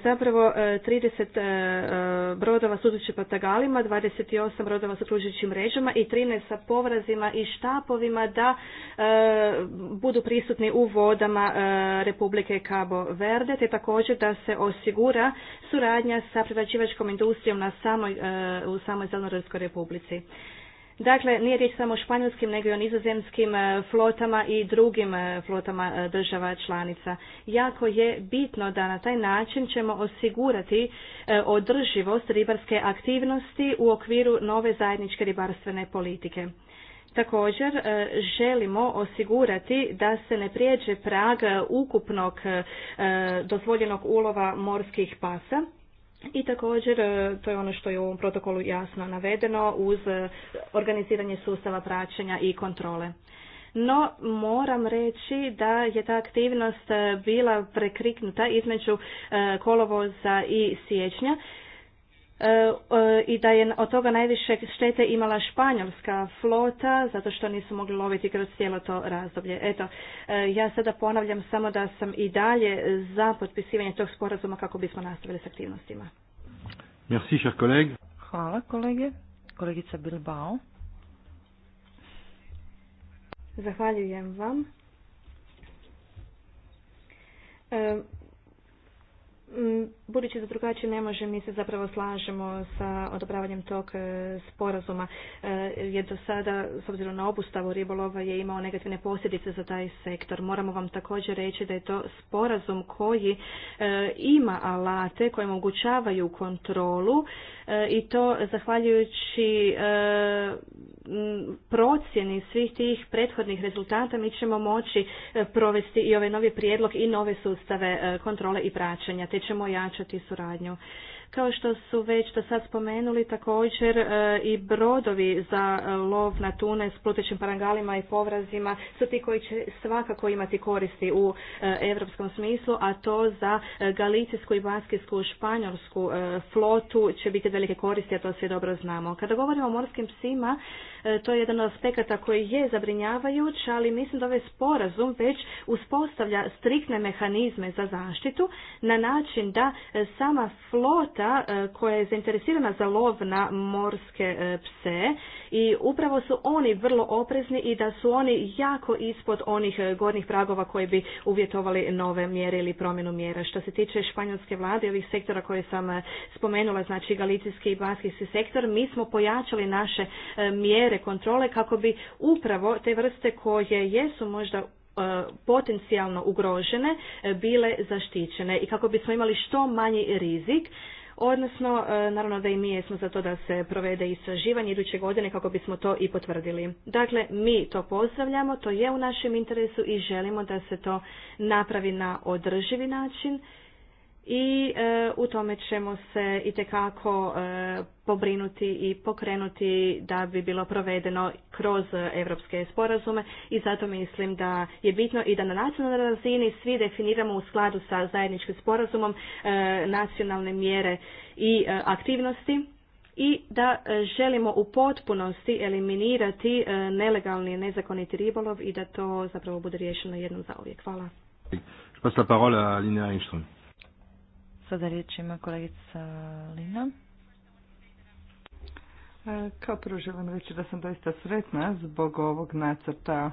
zapravo 30 brodova sudući patagalima, 28 brodova sudući mrežama i 13 sa povrazima i štapovima da e, budu prisutni u vodama e, Republike Cabo Verde, te također da se osigura suradnja sa privlačivačkom industrijom na samoj, e, u samoj Zelenorodskoj republici. Dakle, nije riječ samo o španjolskim, nego i o nizozemskim e, flotama i drugim e, flotama e, država članica. Jako je bitno da na taj način ćemo osigurati održivost ribarske aktivnosti u okviru nove zajedničke ribarstvene politike. Također želimo osigurati da se ne prijeđe prag ukupnog dozvoljenog ulova morskih pasa i također, e, to je ono što je u ovom protokolu jasno navedeno, uz e, organiziranje sustava praćenja i kontrole. No, moram reći da je ta aktivnost e, bila prekriknuta između kolovoza i siječnja E, e, i da je od toga najviše štete imala španjolska flota zato što nisu mogli loviti kroz cijelo to razdoblje. Eto, e, ja sada ponavljam samo da sam i dalje za potpisivanje tog sporazuma kako bismo nastavili s aktivnostima. Merci, cher collègue. Hvala kolege. Kolegica Bilbao. Zahvaljujem vam. Mm, budući da drugačije ne može, mi se zapravo slažemo sa odobravanjem tog e, sporazuma, e, jer do sada, s obzirom na obustavu ribolova, je imao negativne posljedice za taj sektor. Moramo vam također reći da je to sporazum koji e, ima alate koje omogućavaju kontrolu i to zahvaljujući procjeni svih tih prethodnih rezultata mi ćemo moći e, provesti i ovaj novi prijedlog i nove sustave e, kontrole i praćenja, te ćemo jačati suradnju. Kao što su već do sad spomenuli, također e, i brodovi za lov na tune s plutećim parangalima i povrazima su ti koji će svakako imati koristi u europskom smislu, a to za galicijsku i baskijsku španjolsku flotu će biti velike koristi, a to sve dobro znamo. Kada govorimo o morskim psima, E, to je jedan od aspekata koji je zabrinjavajuć, ali mislim da ovaj sporazum već uspostavlja striktne mehanizme za zaštitu na način da e, sama flota e, koja je zainteresirana za lov na morske pse i upravo su oni vrlo oprezni i da su oni jako ispod onih gornjih pragova koji bi uvjetovali nove mjere ili promjenu mjera. Što se tiče španjolske vlade i ovih sektora koje sam spomenula, znači galicijski i baskijski sektor, mi smo pojačali naše mjere kontrole kako bi upravo te vrste koje jesu možda e, potencijalno ugrožene e, bile zaštićene i kako bismo imali što manji rizik odnosno e, naravno da i mi jesmo za to da se provede istraživanje iduće godine kako bismo to i potvrdili. Dakle, mi to pozdravljamo, to je u našem interesu i želimo da se to napravi na održivi način i e, u tome ćemo se i tekako e, pobrinuti i pokrenuti da bi bilo provedeno kroz europske sporazume i zato mislim da je bitno i da na nacionalnoj razini svi definiramo u skladu sa zajedničkim sporazumom e, nacionalne mjere i aktivnosti i da želimo u potpunosti eliminirati nelegalni i nezakoniti ribolov i da to zapravo bude riješeno jednom za uvijek. Hvala. Je Sada riječ ima kolegica Lina. E, kao prvo želim reći da sam doista sretna zbog ovog nacrta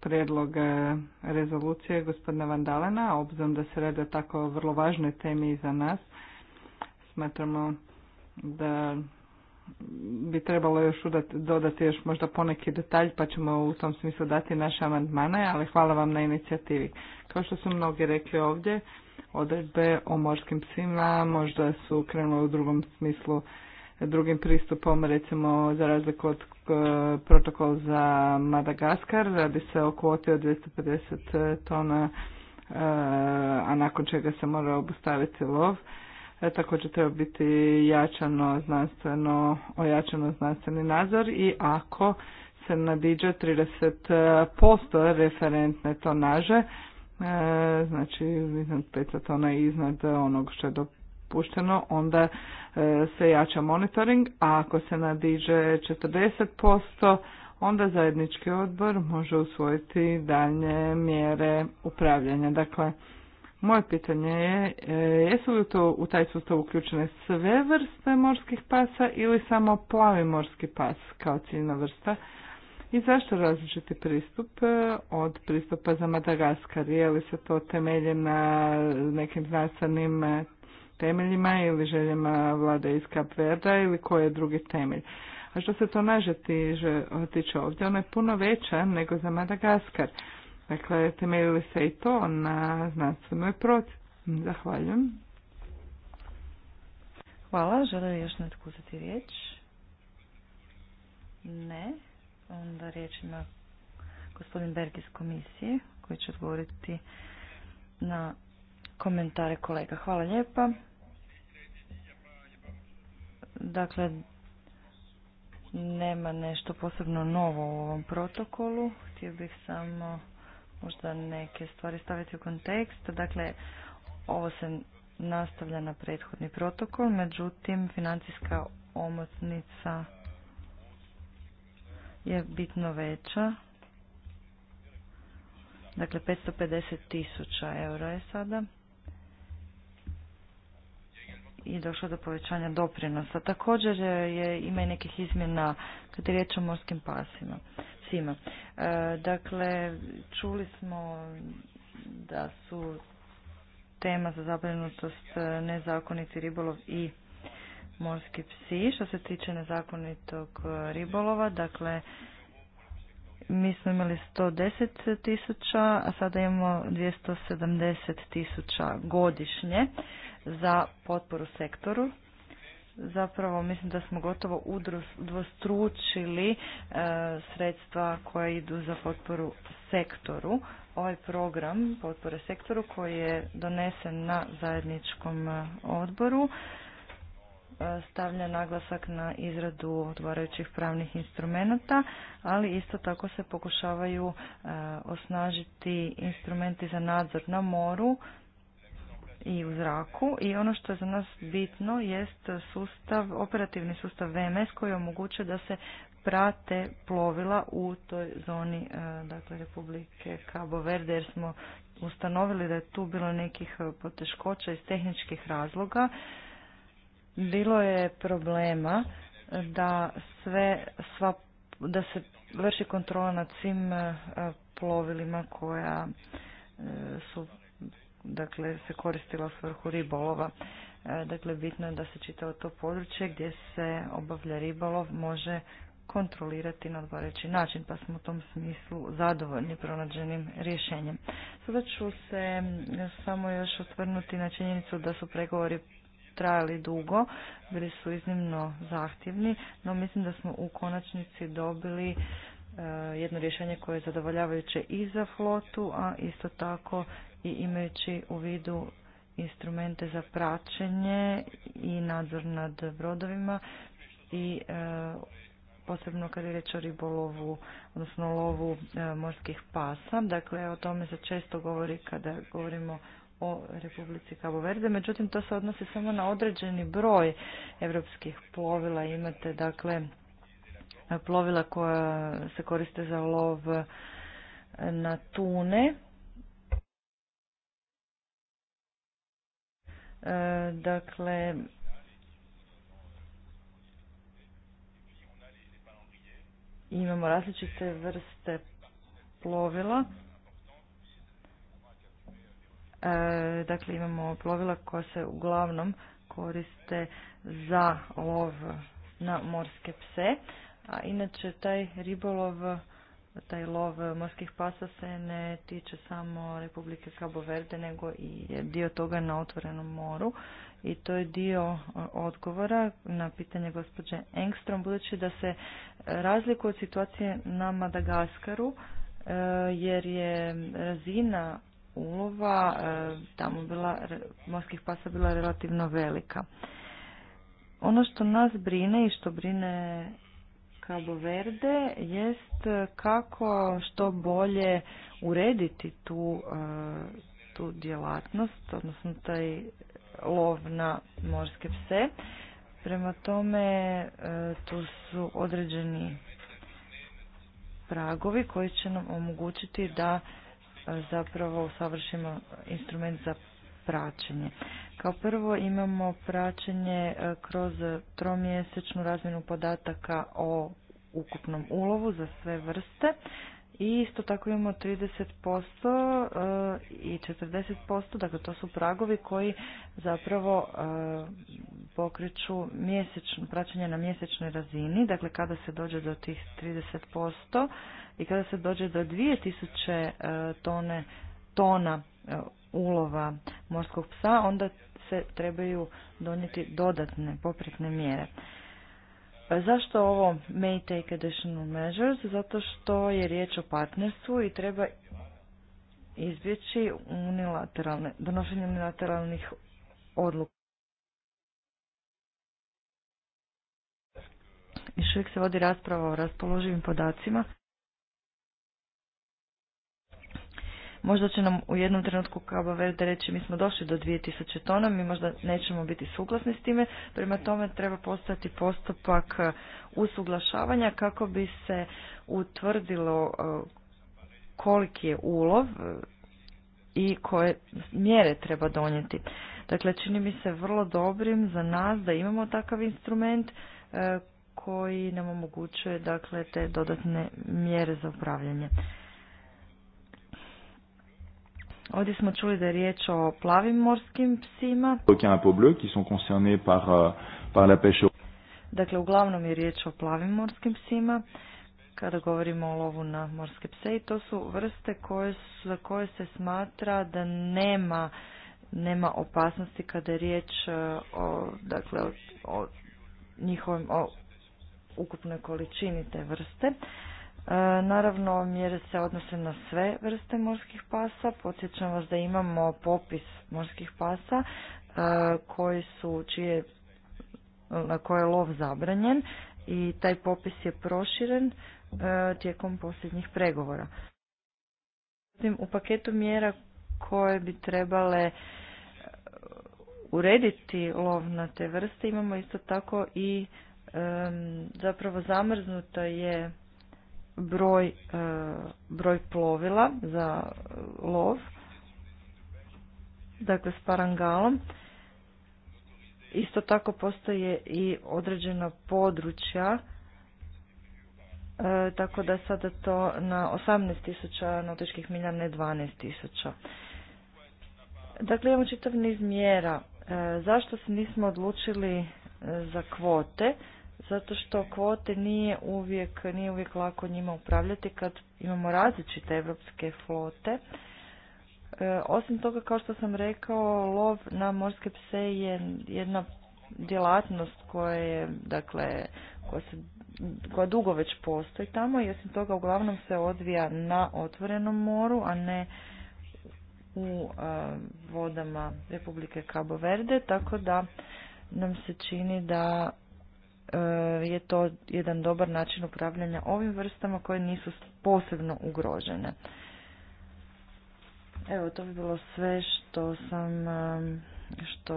predloga rezolucije gospodina Vandalena, obzirom da se radi o tako vrlo važnoj temi za nas. Smatramo da bi trebalo još dodati još možda poneki detalj pa ćemo u tom smislu dati naše amandmane, ali hvala vam na inicijativi. Kao što su mnogi rekli ovdje, odredbe o morskim psima možda su krenule u drugom smislu drugim pristupom, recimo za razliku od protokol za Madagaskar, radi se o kvoti od 250 tona, e, a nakon čega se mora obustaviti lov. E, također treba biti jačano znanstveno, ojačano znanstveni nadzor i ako se nadiđe 30% referentne tonaže, E, znači iznad 500 tona iznad onog što je dopušteno, onda e, se jača monitoring, a ako se nadiže 40%, onda zajednički odbor može usvojiti dalje mjere upravljanja. Dakle, moje pitanje je, e, jesu li to u taj sustav uključene sve vrste morskih pasa ili samo plavi morski pas kao ciljna vrsta? I zašto različiti pristup e, od pristupa za Madagaskar? Je li se to temelje na nekim znanstvenim e, temeljima ili željama vlade iz Verda ili koji je drugi temelj? A što se to naže tiče ovdje, ono je puno veća nego za Madagaskar. Dakle, temeljili se i to na znanstvenoj proci. Zahvaljujem. Hvala. želim još netko uzeti riječ? Ne. Onda riječ ima gospodin Berg iz komisije koji će odgovoriti na komentare kolega. Hvala lijepa. Dakle, nema nešto posebno novo u ovom protokolu. Htio bih samo možda neke stvari staviti u kontekst. Dakle, ovo se nastavlja na prethodni protokol, međutim, financijska omotnica je bitno veća. Dakle, 550 tisuća eura je sada. I došlo do povećanja doprinosa. Također je, ima i nekih izmjena kad je riječ o morskim pasima. Svima. E, dakle, čuli smo da su tema za zabrinutost e, nezakoniti ribolov i morski psi. Što se tiče nezakonitog e, ribolova, dakle, mi smo imali 110 tisuća, a sada imamo 270 tisuća godišnje za potporu sektoru. Zapravo mislim da smo gotovo udvostručili e, sredstva koja idu za potporu sektoru. Ovaj program potpore sektoru koji je donesen na zajedničkom e, odboru stavlja naglasak na izradu odgovarajućih pravnih instrumenata, ali isto tako se pokušavaju e, osnažiti instrumenti za nadzor na moru i u zraku i ono što je za nas bitno jest sustav, operativni sustav VMS koji omogućuje da se prate plovila u toj zoni e, dakle, Republike Cabo Verde jer smo ustanovili da je tu bilo nekih poteškoća iz tehničkih razloga bilo je problema da sve, sva, da se vrši kontrola nad svim e, plovilima koja e, su dakle se koristila u svrhu ribolova. E, dakle, bitno je da se čitavo to područje gdje se obavlja ribolov može kontrolirati na odgovarajući način, pa smo u tom smislu zadovoljni pronađenim rješenjem. Sada ću se samo još otvrnuti na činjenicu da su pregovori trajali dugo, bili su iznimno zahtjevni, no mislim da smo u konačnici dobili e, jedno rješenje koje je zadovoljavajuće i za flotu, a isto tako i imajući u vidu instrumente za praćenje i nadzor nad brodovima i e, posebno kada je riječ o ribolovu, odnosno lovu e, morskih pasa. Dakle, o tome se često govori kada govorimo o Republici Cabo Verde, međutim to se odnosi samo na određeni broj evropskih plovila. Imate dakle plovila koja se koriste za lov na tune. E, dakle, imamo različite vrste plovila E, dakle, imamo plovila koja se uglavnom koriste za lov na morske pse, a inače taj ribolov, taj lov morskih pasa se ne tiče samo Republike Cabo Verde, nego i dio toga na otvorenom moru i to je dio e, odgovora na pitanje gospođe Engstrom, budući da se razlikuje od situacije na Madagaskaru, e, jer je razina ulova e, tamo bila, morskih pasa bila relativno velika. Ono što nas brine i što brine Cabo Verde jest kako što bolje urediti tu, e, tu djelatnost, odnosno taj lov na morske pse. Prema tome e, tu su određeni pragovi koji će nam omogućiti da zapravo usavršimo instrument za praćenje. Kao prvo imamo praćenje e, kroz tromjesečnu razmjenu podataka o ukupnom ulovu za sve vrste. I isto tako imamo 30% e, i 40%, dakle to su pragovi koji zapravo e, pokreću mjesečno, praćenje na mjesečnoj razini, dakle kada se dođe do tih 30% i kada se dođe do 2000 e, tone, tona ulova morskog psa, onda se trebaju donijeti dodatne popretne mjere. Zašto ovo may take additional measures? Zato što je riječ o partnerstvu i treba izbjeći unilateralne, donošenje unilateralnih odluka. Još uvijek se vodi rasprava o raspoloživim podacima. Možda će nam u jednom trenutku Kaba Verde reći mi smo došli do 2000 tona, mi možda nećemo biti suglasni s time, prema tome treba postati postupak e, usuglašavanja kako bi se utvrdilo e, koliki je ulov e, i koje mjere treba donijeti. Dakle, čini mi se vrlo dobrim za nas da imamo takav instrument koji nam omogućuje dakle, te dodatne mjere za upravljanje. Ovdje smo čuli da je riječ o plavim morskim psima. Euh, dakle, uglavnom je riječ o plavim morskim psima kada govorimo o lovu na morske pse i to su vrste koje, za koje se smatra da nema, nema opasnosti kada je riječ eh, o, dakle, o, o o ukupnoj količini te vrste. E, naravno, mjere se odnose na sve vrste morskih pasa. Podsjećam vas da imamo popis morskih pasa e, koji su, čije, na koje je lov zabranjen i taj popis je proširen e, tijekom posljednjih pregovora. u paketu mjera koje bi trebale urediti lov na te vrste imamo isto tako i zapravo zamrznuta je broj, e, broj plovila za lov, dakle s parangalom. Isto tako postoje i određena područja, e, tako da sada to na 18.000 nautičkih milja ne 12.000. Dakle, imamo čitav niz mjera. E, zašto se nismo odlučili za kvote? zato što kvote nije uvijek, nije uvijek lako njima upravljati kad imamo različite evropske flote. E, osim toga, kao što sam rekao, lov na morske pse je jedna djelatnost koja je, dakle, koja, se, koja dugo već postoji tamo i osim toga uglavnom se odvija na otvorenom moru, a ne u e, vodama Republike Cabo Verde, tako da nam se čini da E, je to jedan dobar način upravljanja ovim vrstama koje nisu posebno ugrožene. Evo, to bi bilo sve što sam, što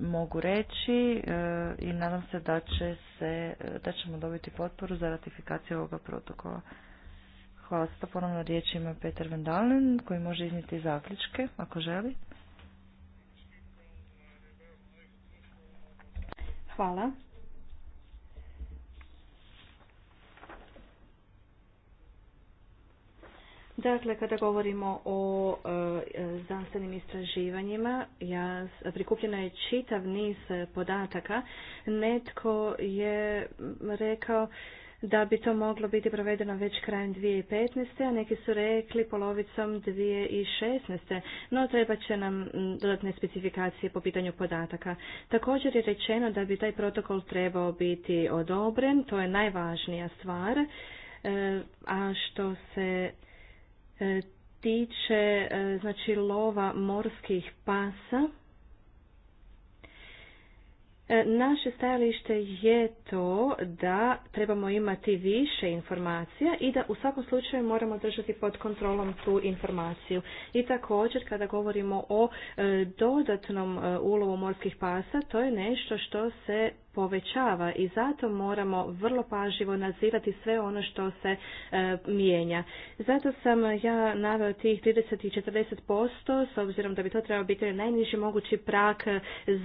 mogu reći e, i nadam se da će se, da ćemo dobiti potporu za ratifikaciju ovoga protokola. Hvala sada ponovno riječ ima Peter Vendalen koji može iznijeti zaključke ako želi. Hvala. Dakle, kada govorimo o e, znanstvenim istraživanjima, ja, prikupljeno je čitav niz podataka. Netko je rekao da bi to moglo biti provedeno već krajem 2015. a neki su rekli polovicom 2016. No treba će nam dodatne specifikacije po pitanju podataka. Također je rečeno da bi taj protokol trebao biti odobren, to je najvažnija stvar, e, a što se e, tiče e, znači lova morskih pasa, E, naše stajalište je to da trebamo imati više informacija i da u svakom slučaju moramo držati pod kontrolom tu informaciju. I također kada govorimo o e, dodatnom e, ulovu morskih pasa, to je nešto što se povećava i zato moramo vrlo pažljivo nazivati sve ono što se e, mijenja. Zato sam ja naveo tih 30 i 40% s obzirom da bi to trebao biti najniži mogući prak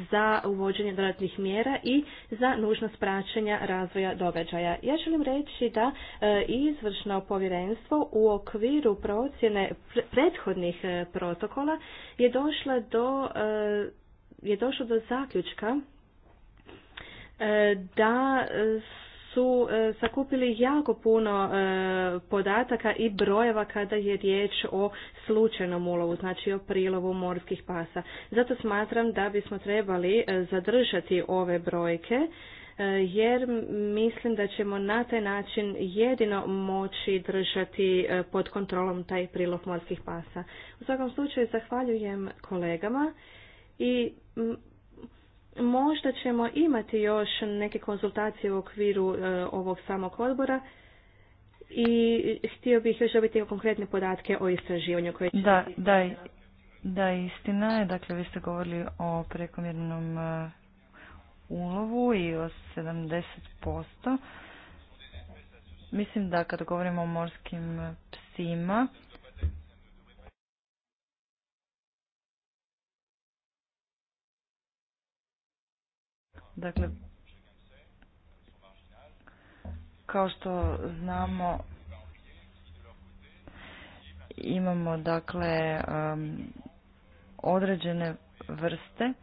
za uvođenje dodatnih mjera i za nužnost praćenja razvoja događaja. Ja želim reći da e, izvršno povjerenstvo u okviru procjene prethodnih e, protokola je došla do je došlo do zaključka E, da e, su e, sakupili jako puno podataka i brojeva kada je riječ o slučajnom ulovu, znači o prilovu morskih pasa. Zato smatram da bismo trebali zadržati ove brojke jer mislim da ćemo na taj način jedino moći držati pod kontrolom taj prilov morskih pasa. U svakom slučaju zahvaljujem kolegama i Možda ćemo imati još neke konzultacije u okviru e, ovog samog odbora i htio bih još dobiti konkretne podatke o istraživanju koje će... Da, da, da, istina je. Dakle, vi ste govorili o prekomjernom e, ulovu i o 70%. Mislim da kada govorimo o morskim psima, Dakle, kao što znamo, imamo dakle um, određene vrste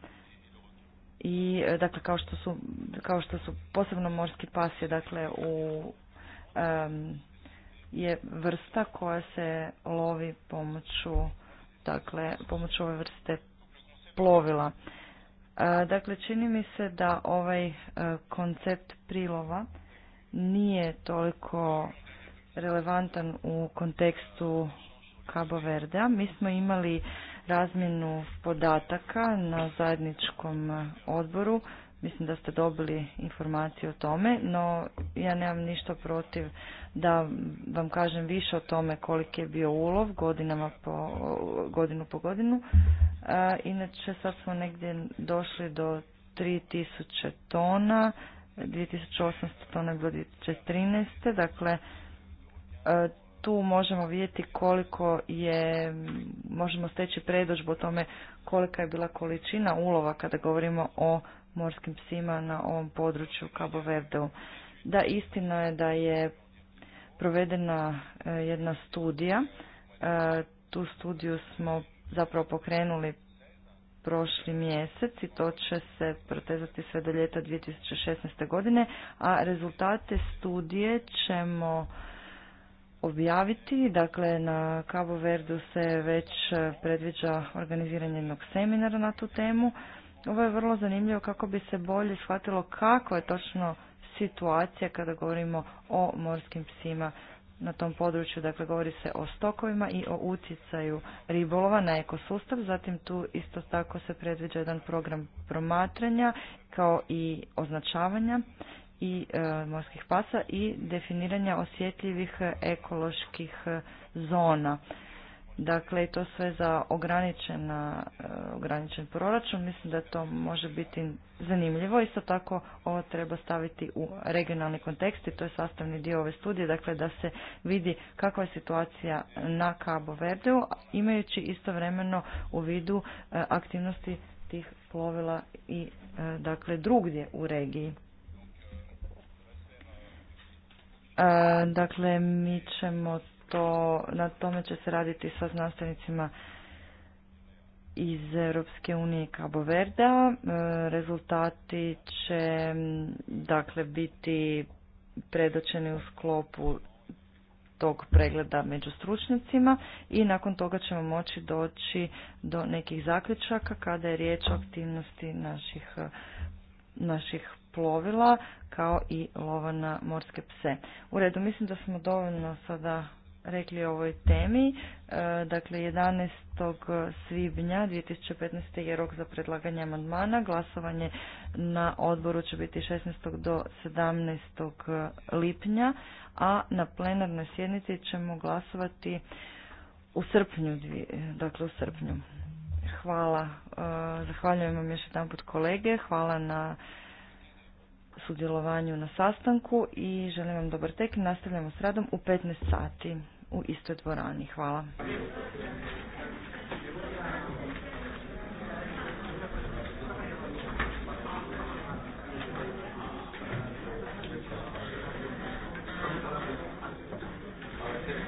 i dakle kao što su, kao što su posebno morski pasje dakle u um, je vrsta koja se lovi pomoću dakle pomoću ove vrste plovila. E, dakle, čini mi se da ovaj e, koncept prilova nije toliko relevantan u kontekstu Cabo Verdea. Mi smo imali razmjenu podataka na zajedničkom odboru. Mislim da ste dobili informaciju o tome, no ja nemam ništa protiv da vam kažem više o tome koliki je bio ulov godinama po, godinu po godinu. E, inače sad smo negdje došli do 3000 tona, 2800 tona je bilo 2013. Dakle, e, tu možemo vidjeti koliko je, možemo steći predođbu o tome kolika je bila količina ulova kada govorimo o morskim psima na ovom području Cabo Verdeu. Da, istina je da je provedena e, jedna studija. E, tu studiju smo zapravo pokrenuli prošli mjesec i to će se protezati sve do ljeta 2016. godine, a rezultate studije ćemo objaviti. Dakle, na Cabo Verdu se već predviđa organiziranje jednog seminara na tu temu. Ovo je vrlo zanimljivo kako bi se bolje shvatilo kako je točno situacija kada govorimo o morskim psima na tom području, dakle govori se o stokovima i o utjecaju ribolova na ekosustav, zatim tu isto tako se predviđa jedan program promatranja kao i označavanja i e, morskih pasa i definiranja osjetljivih e, ekoloških e, zona. Dakle, i to sve za ograničena, eh, ograničen proračun. Mislim da to može biti zanimljivo. Isto tako ovo treba staviti u regionalni kontekst i to je sastavni dio ove studije. Dakle, da se vidi kakva je situacija na Cabo Verdeu, imajući istovremeno u vidu eh, aktivnosti tih plovila i eh, dakle drugdje u regiji. Dakle, mi ćemo to, na tome će se raditi sa znanstvenicima iz Europske unije Cabo Verdea. E, rezultati će dakle biti predočeni u sklopu tog pregleda među stručnjacima i nakon toga ćemo moći doći do nekih zaključaka kada je riječ o aktivnosti naših, e, naših plovila kao i lova na morske pse. U redu, mislim da smo dovoljno sada rekli o ovoj temi. E, dakle, 11. svibnja 2015. je rok za predlaganje amandmana. Glasovanje na odboru će biti 16. do 17. lipnja, a na plenarnoj sjednici ćemo glasovati u srpnju, dakle u srpnju. Hvala, e, zahvaljujem vam još jedan put kolege, hvala na sudjelovanju na sastanku i želim vam dobar tek. Nastavljamo s radom u 15 sati u istoj dvorani. Hvala.